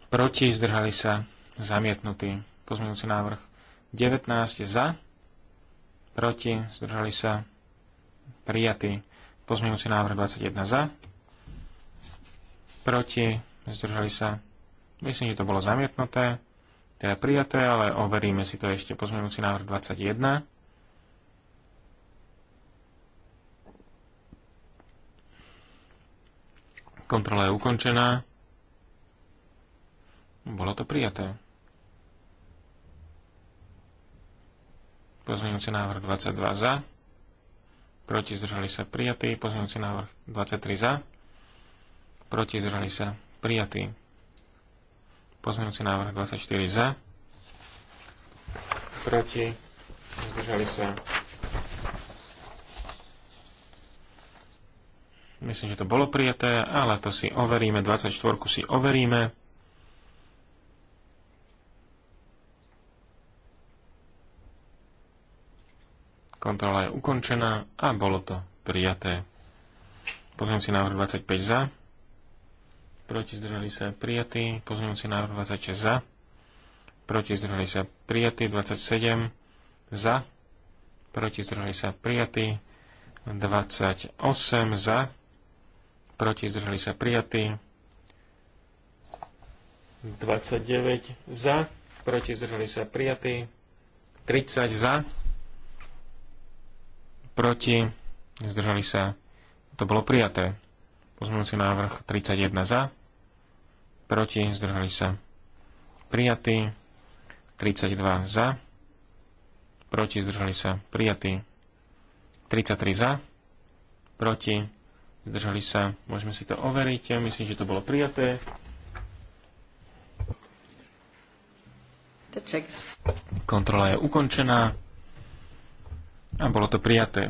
proti, zdržali sa, zamietnutý. Pozmeňujúci návrh 19 za, proti, zdržali sa, prijatý. Pozmeňujúci návrh 21 za, proti, zdržali sa, myslím, že to bolo zamietnuté, teda prijaté, ale overíme si to ešte. Pozmeňujúci návrh 21. Kontrola je ukončená. Bolo to prijaté. Pozmeňujúci návrh 22 za. Proti zdržali sa prijatý. Pozmeňujúci návrh 23 za. Proti zdržali sa prijatý. Pozmeňujúci návrh 24 za. Proti zdržali sa Myslím, že to bolo prijaté, ale to si overíme. 24 si overíme. Kontrola je ukončená a bolo to prijaté. Pozriem si návrh 25 za. Proti zdržali sa prijatý. Pozriem si návrh 26 za. Proti zdržali sa prijatý. 27 za. Proti zdržali sa prijatý. 28 za proti, zdržali sa prijatí. 29 za, proti, zdržali sa prijatí. 30 za, proti, zdržali sa, to bolo prijaté. Pozmúci návrh 31 za, proti, zdržali sa prijatí. 32 za, proti, zdržali sa prijatí. 33 za, proti, Zdržali sa. Môžeme si to overiť. Ja myslím, že to bolo prijaté. Kontrola je ukončená a bolo to prijaté.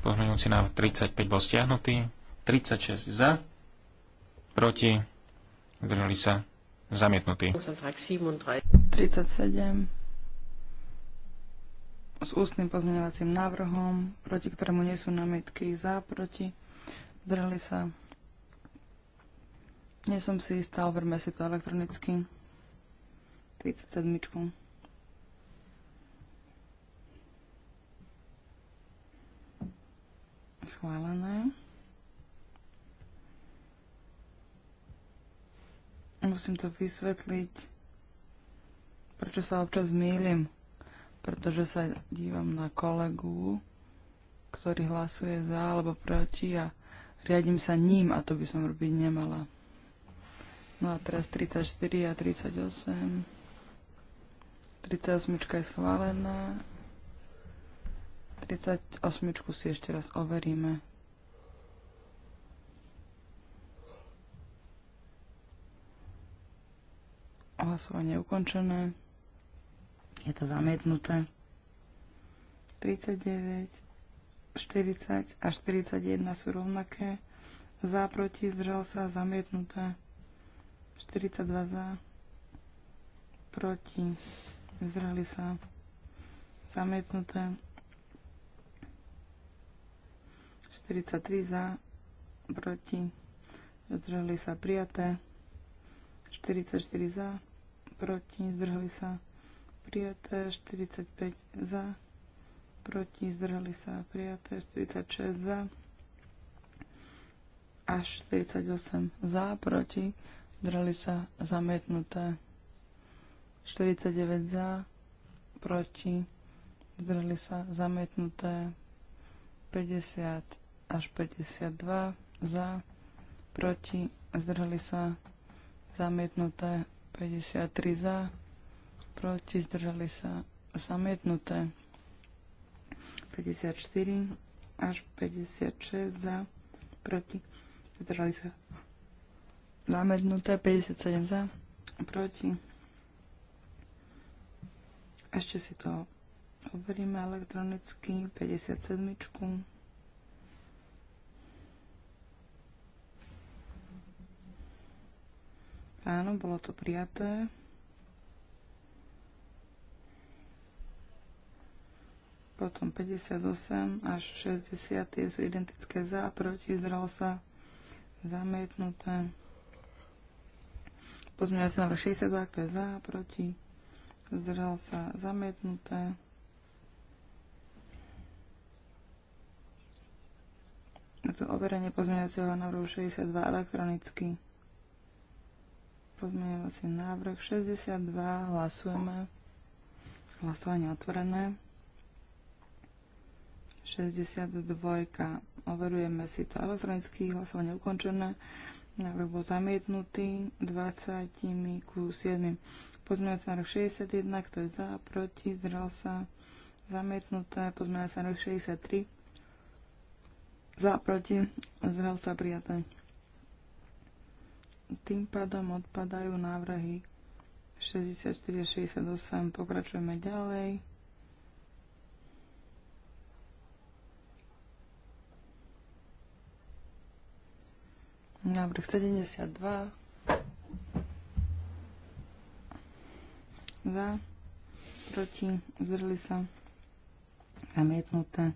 Pozmeňujúci na 35 bol stiahnutý, 36 za, proti, zdržali sa, zamietnutý. 37 s ústnym pozmeňovacím návrhom, proti ktorému nie sú námietky za, proti, zdrhli sa. Nie som si istá, overme si to elektronicky. 37. Schválené. Musím to vysvetliť, prečo sa občas mýlim pretože sa dívam na kolegu, ktorý hlasuje za alebo proti a riadím sa ním a to by som robiť nemala. No a teraz 34 a 38. 38 je schválená. 38 si ešte raz overíme. Hlasovanie je ukončené. Je to zamietnuté. 39, 40 a 41 sú rovnaké. Za, proti, zdržal sa, zamietnuté. 42 za, proti, zdržali sa, zamietnuté. 43 za, proti, zdržali sa prijaté, 44 za, proti, zdržali sa prijaté, 45 za, proti, zdrhali sa, prijaté, 46 za, až 48 za, proti, zdrhali sa, zamietnuté, 49 za, proti, zdrhali sa, zamietnuté, 50 až 52 za, proti, zdrhali sa, zamietnuté, 53 za, proti, zdržali sa zamietnuté. 54 až 56 za, proti, zdržali sa zamietnuté, 57 za, proti. Ešte si to overíme elektronicky, 57. Áno, bolo to prijaté. potom 58 až 60 sú identické za, proti, zdrel sa, zamietnuté. Pozmeňujem sa návrh 62, to je za, proti, zdrel sa, zamietnuté. Je to overenie pozmeňovacieho návrhu 62 elektronicky. Pozmeňovací návrh 62, hlasujeme. Hlasovanie otvorené. 62. Overujeme si to elektronicky. Hlasovanie ukončené. Návrh bol zamietnutý 20 ku 7. Pozmeňovací návrh 61. Kto je za? Proti? Zdržal sa? Zamietnuté. Pozmeňovací návrh 63. Za? Proti? Zdržal sa? Prijaté. Tým pádom odpadajú návrhy 64 a 68. Pokračujeme ďalej. Návrh 72. Za. Proti. Zdrli sa. Zamietnuté.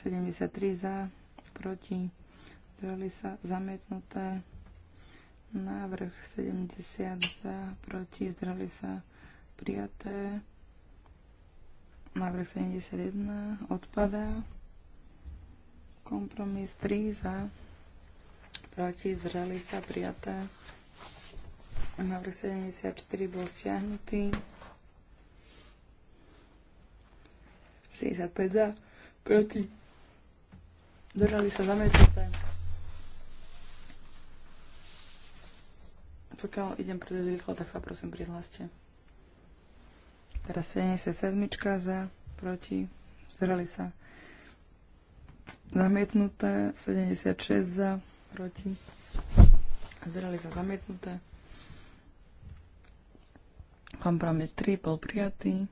73 za. Proti. Zdrli sa. Zamietnuté. Návrh 70 za. Proti. Zdrli sa. Prijaté. Návrh 71 odpadá. Kompromis 3 za proti, zdržali sa prijaté. Návrh 74 bol stiahnutý. 75 za, proti, zdržali sa zamietnuté. Pokiaľ idem príliš rýchlo, tak sa prosím prihláste. Teraz 77 za, proti, zdržali sa zamietnuté, 76 za, proti, zdržali sa zamietnuté. Kompromis 3 bol prijatý.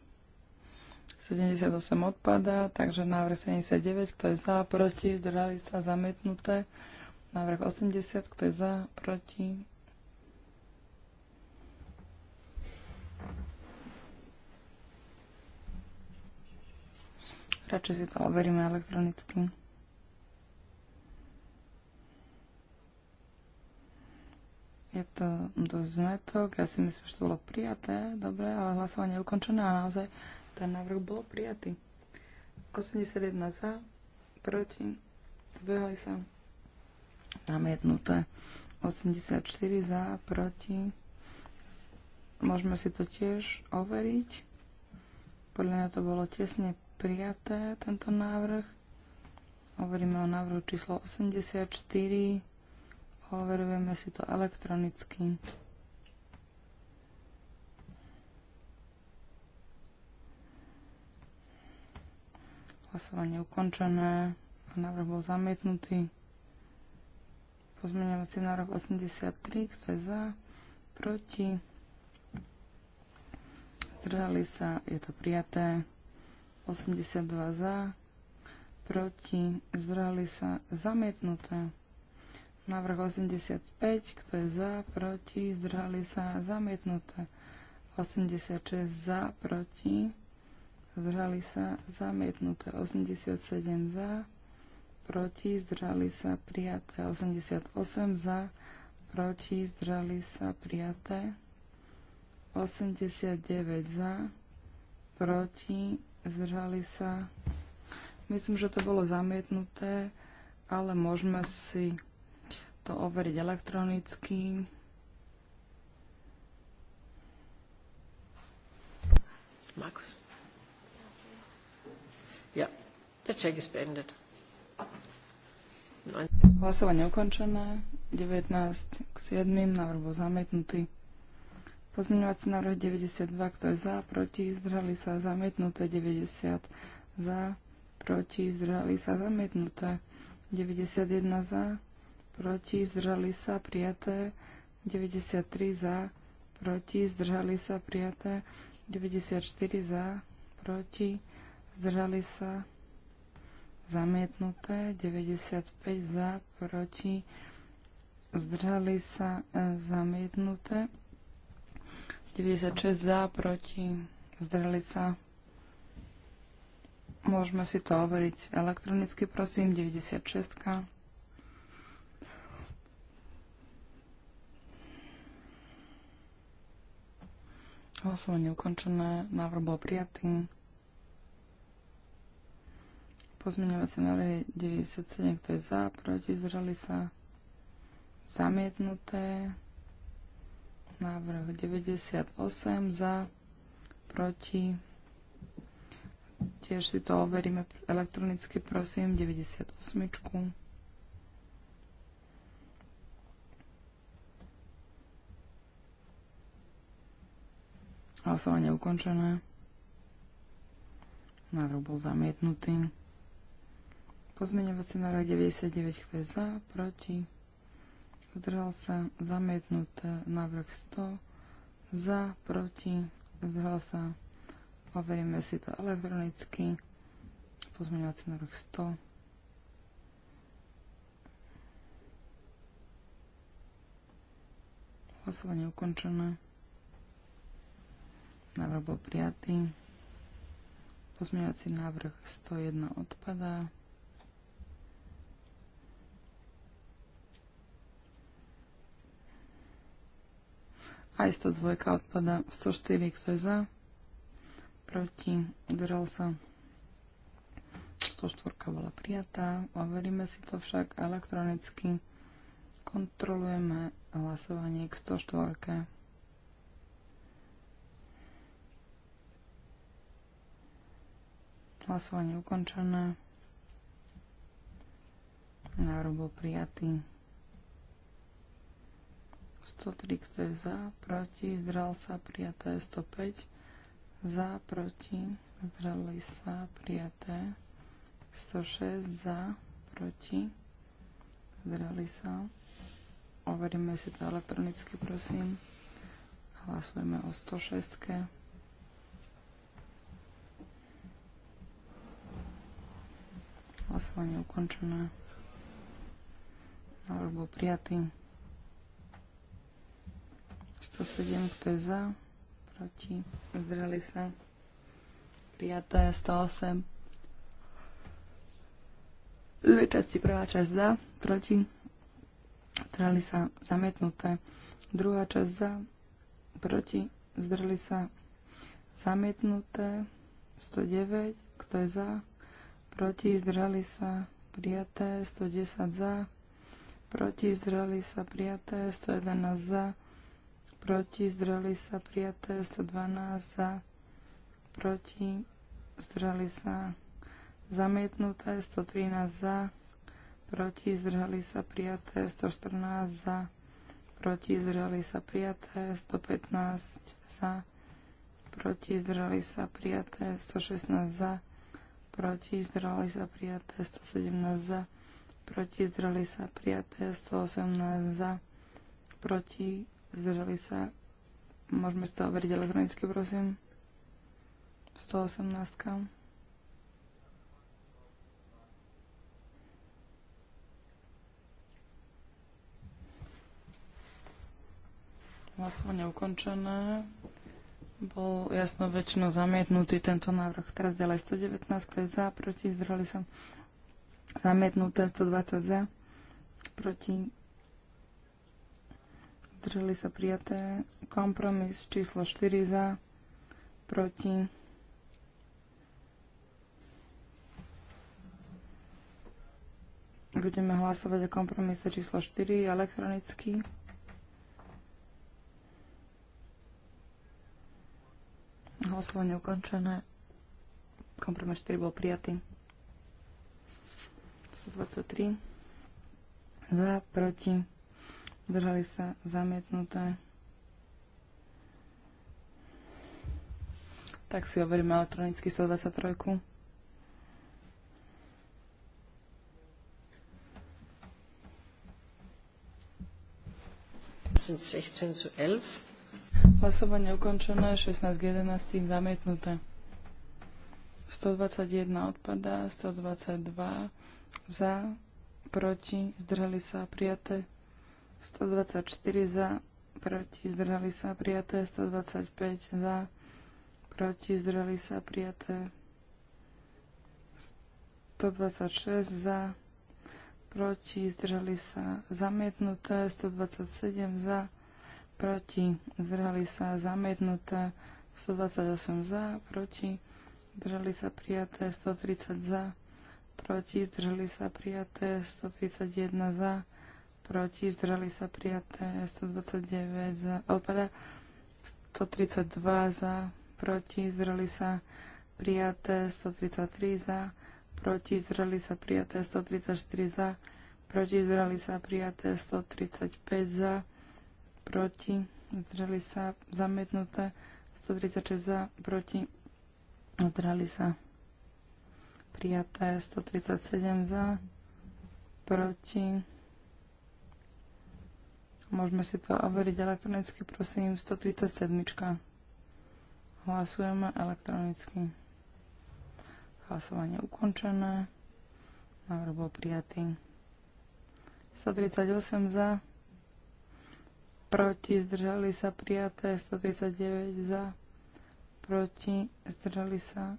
78 odpadá, takže návrh 79, kto je za, proti, zdržali sa zamietnuté. Návrh 80, kto je za, proti. Radšej si to overíme elektronicky. Je to dosť zmetok, ja si myslím, že to bolo prijaté, dobre, ale hlasovanie je ukončené a naozaj ten návrh bol prijatý. 81 za, proti, zdržali sa namietnuté. 84 za, proti, môžeme si to tiež overiť. Podľa mňa to bolo tesne prijaté, tento návrh. Overíme o návrhu číslo 84. Overujeme si to elektronicky. Hlasovanie ukončené a návrh bol zamietnutý. Pozmeňovací návrh 83, kto je za, proti, zdržali sa, je to prijaté. 82 za, proti, zdržali sa, zamietnuté. Návrh 85, kto je za, proti, zdrhali sa, zamietnuté. 86 za, proti, zdrhali sa, zamietnuté. 87 za, proti, zdrhali sa, prijaté. 88 za, proti, zdrhali sa, prijaté. 89 za, proti, zdrhali sa. Myslím, že to bolo zamietnuté, ale môžeme si to overiť elektronicky. Markus. Ja, the Check is beendet. Hlasovanie ukončené. 19 k 7. Návrh bol zamietnutý. Pozmeňovací návrh 92, kto je za, proti, zdrhali sa, zamietnuté 90 za, proti, zdrhali sa, zamietnuté 91 za, proti, zdržali sa, prijaté. 93 za, proti, zdržali sa, prijaté. 94 za, proti, zdržali sa, zamietnuté. 95 za, proti, zdržali sa, e, zamietnuté. 96 za, proti, zdržali sa. Môžeme si to overiť elektronicky, prosím, 96. Hlasovanie ukončené. Návrh bol prijatý. Pozmeňovacie návrhy 97, kto je za, proti, zdržali sa. Zamietnuté. Návrh 98 za, proti. Tiež si to overíme elektronicky, prosím, 98. Hlasovanie ukončené. Návrh bol zamietnutý. Pozmeňovací návrh 99, kto je za, proti. Zdržal sa zamietnuté návrh 100, za, proti. Zdržal sa. Overíme si to elektronicky. Pozmeňovací návrh 100. Hlasovanie ukončené. Návrh bol prijatý. Pozmeňovací návrh 101 odpadá. Aj 102 odpadá 104, kto je za? Proti. Udržal sa. 104 bola prijatá. Overíme si to však elektronicky. Kontrolujeme hlasovanie k 104. Hlasovanie ukončené. Návrh bol prijatý. 103, kto je za, proti, zdral sa, prijaté 105, za, proti, zdrali sa, prijaté 106, za, proti, zdrali sa. Overíme si to elektronicky, prosím. Hlasujeme o 106. Hlasovanie ukončené. Návrh bol prijatý. 107, kto je za? Proti? Zdrali sa. Prijaté 108. Dve časti, prvá časť za, proti. Zdrali sa, zamietnuté. Druhá časť za, proti. Zdrali sa, zamietnuté. 109, kto je za? proti, zdrali sa prijaté, 110 za, proti, zdrali sa prijaté, 111 za, proti, zdrali sa prijaté, 112 za, proti, zdrali sa zamietnuté, 113 za, proti, zdrali sa prijaté, 114 za, proti, zdrali sa prijaté, 115 za, proti, zdrali sa prijaté, 116 za, proti, zdrali sa prijaté 117 za, proti, zdržali sa prijaté 118 za, proti, zdržali sa, môžeme z toho overiť elektronicky, prosím, 118. -ka. Hlasovanie ukončené. Bol jasno väčšinou zamietnutý tento návrh. Teraz ďalej 119, kto je za, proti, zdržali sa. Zamietnuté 120 za, proti, zdržali sa prijaté. Kompromis číslo 4 za, proti, Budeme hlasovať o kompromise číslo 4 elektronicky. Hlasovanie ukončené. Kompromis 4 bol prijatý. 123. Za, proti. Držali sa zamietnuté. Tak si overíme elektronicky 123. sind 16 zu 11. Hlasovanie ukončené, 16 k 11 zamietnuté. 121 odpadá, 122 za, proti, zdrhali sa prijaté, 124 za, proti, zdrhali sa prijaté, 125 za, proti, zdrhali sa prijaté, 126 za, proti, zdrhali sa zamietnuté, 127 za, proti, zdrhali sa zamietnuté, 128 za, proti, zdrhali sa prijaté, 130 za, proti, zdrhali sa prijaté, 131 za, proti, zdrhali sa prijaté, 129 za, odpada, 132 za, proti, zdrhali sa prijaté, 133 za, proti, zdrhali sa prijaté, 134 za, proti, zdrhali sa prijaté, 135 za, proti, zdržali sa, zamietnuté, 136 za, proti, zdržali sa, prijaté, 137 za, proti, môžeme si to overiť elektronicky, prosím, 137. Hlasujeme elektronicky. Hlasovanie ukončené. Návrh bol prijatý. 138 za, proti, zdržali sa prijaté, 139 za, proti, zdržali sa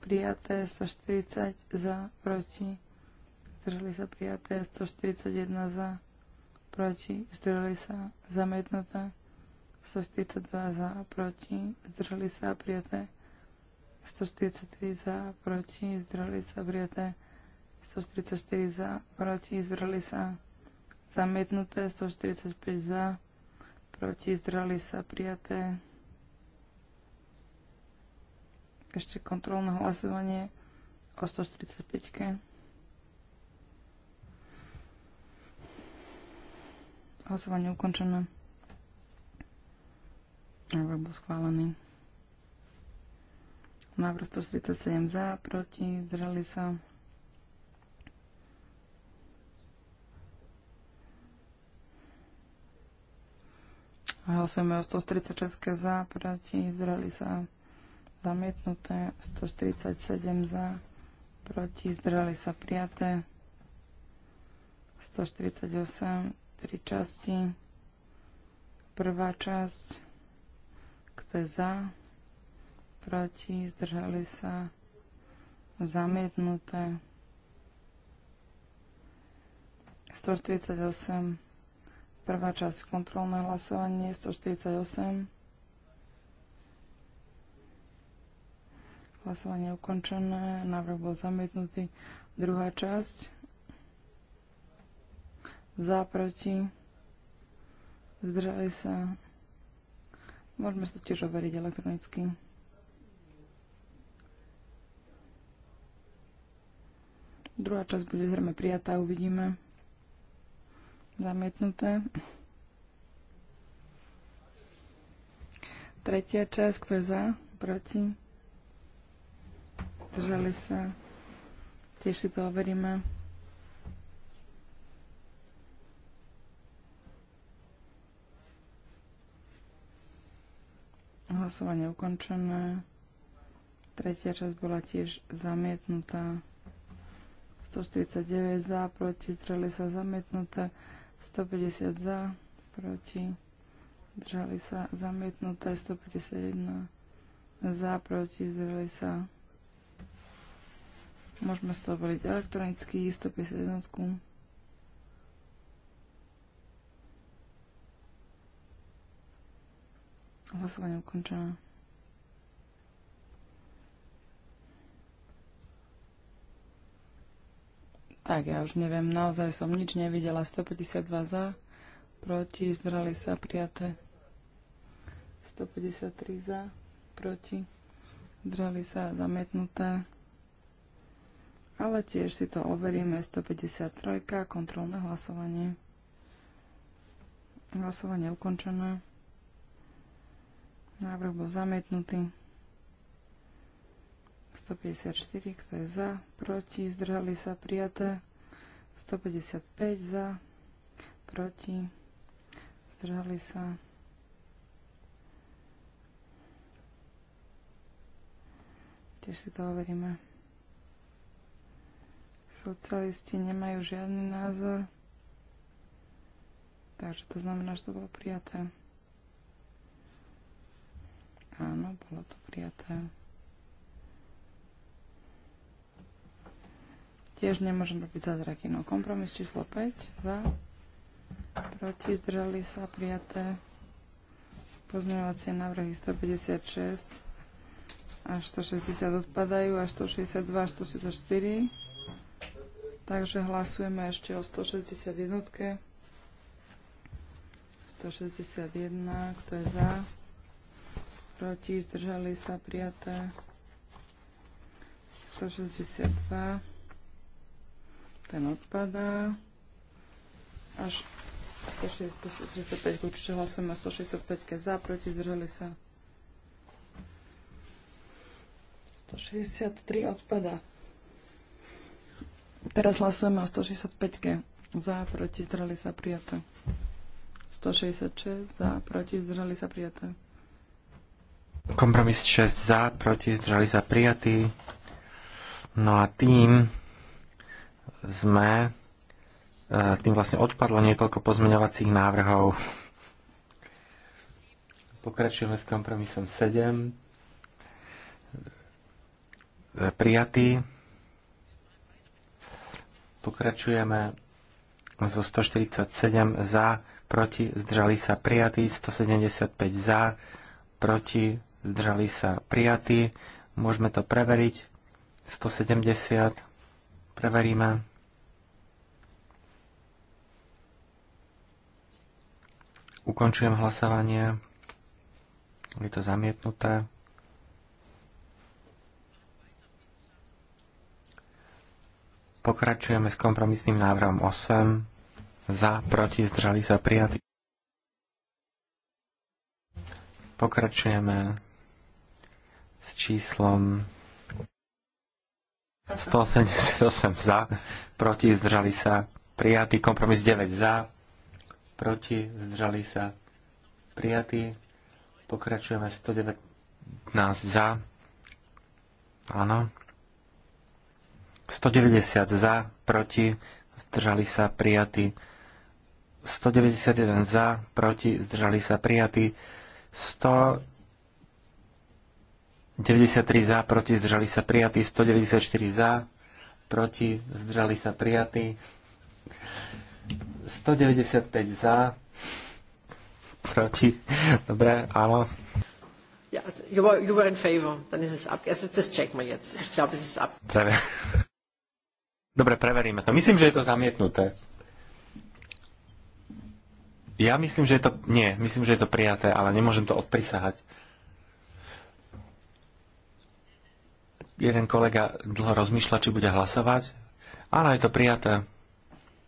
prijaté, 140 za, proti, zdržali sa prijaté, 141 za, proti, zdržali sa zamietnuté, 142 za, proti, zdržali sa prijaté, 143 za, proti, zdržali sa prijaté, 144 za, proti, zdržali sa prijaté, zamietnuté, 145 za, proti, zdrali sa, prijaté. Ešte kontrolné hlasovanie o 145. -ke. Hlasovanie ukončené. Návrh bol schválený. Návrh 147 za, proti, zdrali sa. Hlasujeme o 136 za, proti, zdreli sa zamietnuté, 147 za, proti, zdreli sa prijaté, 148, tri časti, prvá časť, kto je za, proti, zdržali sa, zamietnuté, 148, Prvá časť kontrolné hlasovanie 148. Hlasovanie ukončené, návrh bol zamietnutý. Druhá časť za, proti, zdržali sa. Môžeme sa tiež overiť elektronicky. Druhá časť bude zrejme prijatá, uvidíme. Zamietnuté. Tretia časť, kto je za? Proti? Zdržali sa. Tiež si to overíme. Hlasovanie ukončené. Tretia časť bola tiež zamietnutá. 149 za, proti, zdržali sa zamietnuté. 150 za, proti, držali sa, zamietnuté 151 za, proti, zdržali sa. Môžeme z toho voliť elektronicky 151. Hlasovanie ukončené. Tak, ja už neviem, naozaj som nič nevidela. 152 za, proti, zdrali sa prijaté. 153 za, proti, zdrali sa zamietnuté. Ale tiež si to overíme. 153, kontrolné hlasovanie. Hlasovanie ukončené. Návrh bol zamietnutý. 154, kto je za, proti, zdržali sa, prijaté. 155 za, proti, zdržali sa. Tiež si to overíme. Socialisti nemajú žiadny názor. Takže to znamená, že to bolo prijaté. Áno, bolo to prijaté. Tiež nemôžem robiť zázraky. No kompromis číslo 5 za, proti, zdržali sa, prijaté. Pozmeňovacie návrhy 156 až 160 odpadajú, až 162, až 164. Takže hlasujeme ešte o 161. 161, kto je za, proti, zdržali sa, prijaté. 162 ten odpadá. Až 165 určite hlasujeme 165 za, proti zdržali sa. 163 odpadá. Teraz hlasujeme o 165 za, proti zdržali sa prijaté. 166 za, proti zdržali sa prijaté. Kompromis 6 za, proti zdržali sa prijatý. No a tým sme e, tým vlastne odpadlo niekoľko pozmeňovacích návrhov. Pokračujeme s kompromisom 7. E, prijatý. Pokračujeme zo 147 za, proti, zdržali sa prijatí, 175 za, proti, zdržali sa prijatí. Môžeme to preveriť. 170 Preveríme. Ukončujem hlasovanie. Je to zamietnuté. Pokračujeme s kompromisným návrhom 8. Za, proti, zdržali sa prijatí. Pokračujeme s číslom 178 za, proti zdržali sa prijatý, kompromis 9 za, proti zdržali sa prijatý, pokračujeme 119 za, áno, 190 za, proti, zdržali sa prijatí. 191 za, proti, zdržali sa prijatí. 192 93 za, proti, zdržali sa prijatí. 194 za, proti, zdržali sa prijatí. 195 za, proti, dobre, áno. Ja, you were, you were in favor, dann ist es ab. Also, das check wir jetzt. Ich glaube, es ist ab. Dobre, preveríme to. Myslím, že je to zamietnuté. Ja myslím, že je to... Nie, myslím, že je to prijaté, ale nemôžem to odprisahať. Jeden kolega dlho rozmýšľa, či bude hlasovať. Áno, je to prijaté.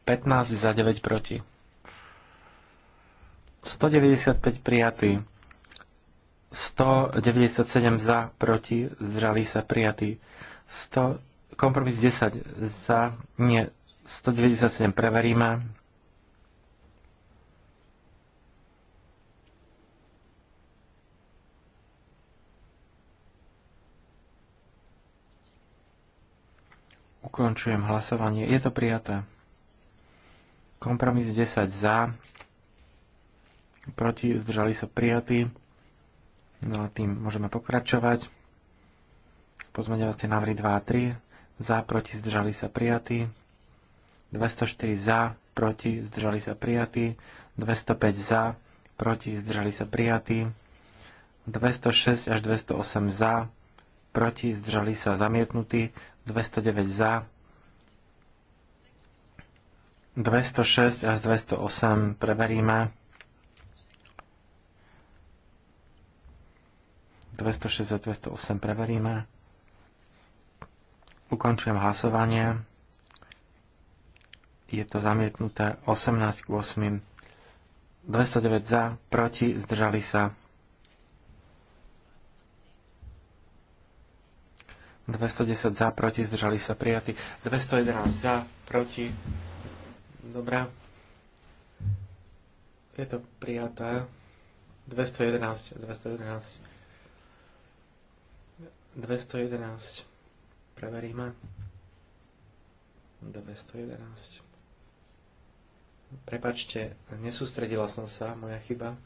15 za 9 proti. 195 prijatí, 197 za proti. Zdržali sa prijatí. 100, kompromis 10 za. Nie, 197 preveríme. Ukončujem hlasovanie. Je to prijaté. Kompromis 10 za. Proti zdržali sa prijatí. No a tým môžeme pokračovať. Pozmeňovacie návrhy 2 a 3. Za, proti zdržali sa prijatí. 204 za, proti zdržali sa prijatí. 205 za, proti zdržali sa prijatí. 206 až 208 za, proti, zdržali sa zamietnutí, 209 za, 206 až 208 preveríme. 206 a 208 preveríme. Ukončujem hlasovanie. Je to zamietnuté 18 k 8. 209 za, proti, zdržali sa. 210 za, proti, zdržali sa prijatí. 211 za, proti. Dobrá. Je to prijaté. 211, 211. 211. Preveríme. 211. Prepačte, nesústredila som sa, moja chyba.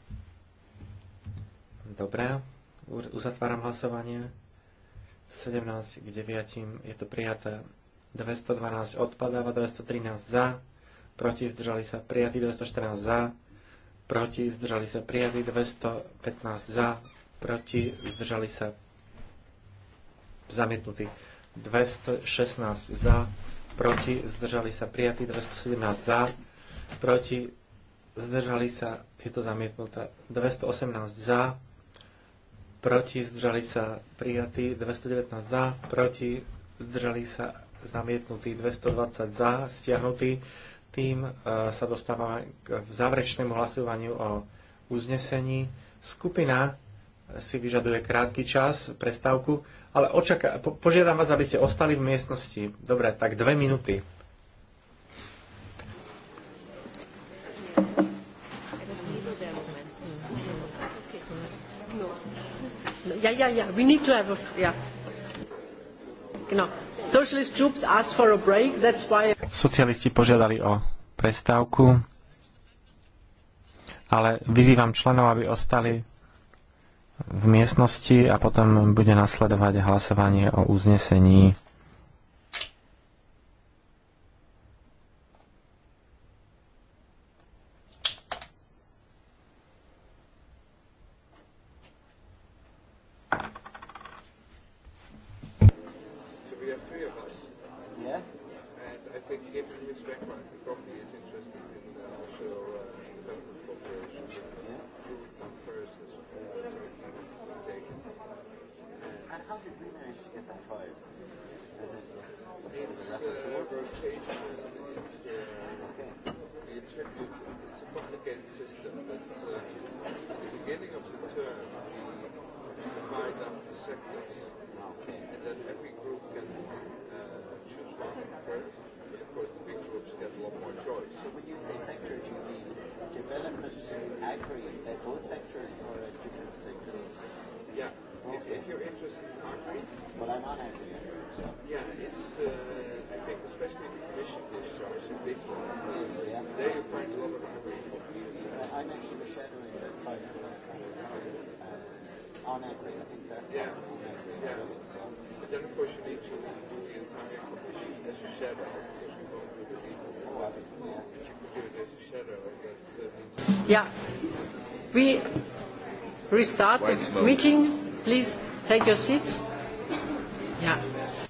Dobre, uzatváram hlasovanie. 17 k 9 je to prijaté. 212 odpadáva, 213 za, proti zdržali sa prijatí, 214 za, proti zdržali sa prijatí, 215 za, proti zdržali sa zamietnutí, 216 za, proti zdržali sa prijatí, 217 za, proti zdržali sa, je to zamietnuté, 218 za, proti, zdržali sa prijatí, 219 za, proti, zdržali sa zamietnutí, 220 za, stiahnutí. Tým e, sa dostávame k záverečnému hlasovaniu o uznesení. Skupina si vyžaduje krátky čas, prestávku, ale očaká, po, požiadam vás, aby ste ostali v miestnosti. Dobre, tak dve minúty. We need to have a. Yeah. Socialisti požiadali o prestávku, ale vyzývam členov, aby ostali v miestnosti a potom bude nasledovať hlasovanie o uznesení.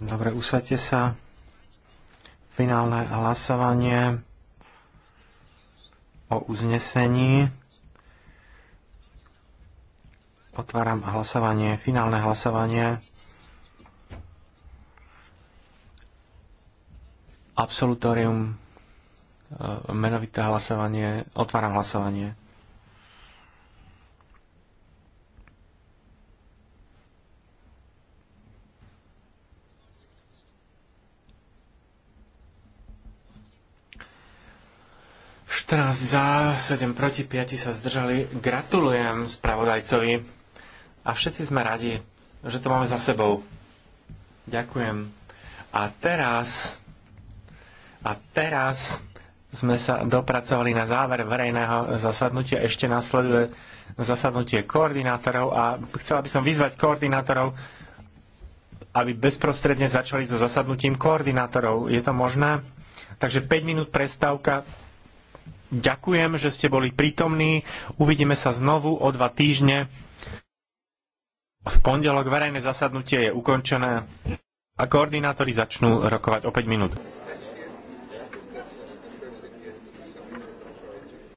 Dobre, usadte sa. Finálne hlasovanie o uznesení. Otváram hlasovanie, finálne hlasovanie. Absolutorium, e, menovité hlasovanie, otváram hlasovanie. za, 7 proti, 5 sa zdržali. Gratulujem spravodajcovi a všetci sme radi, že to máme za sebou. Ďakujem. A teraz, a teraz sme sa dopracovali na záver verejného zasadnutia. Ešte nasleduje zasadnutie koordinátorov a chcela by som vyzvať koordinátorov, aby bezprostredne začali so zasadnutím koordinátorov. Je to možné? Takže 5 minút prestávka Ďakujem, že ste boli prítomní. Uvidíme sa znovu o dva týždne. V pondelok verejné zasadnutie je ukončené a koordinátori začnú rokovať o 5 minút.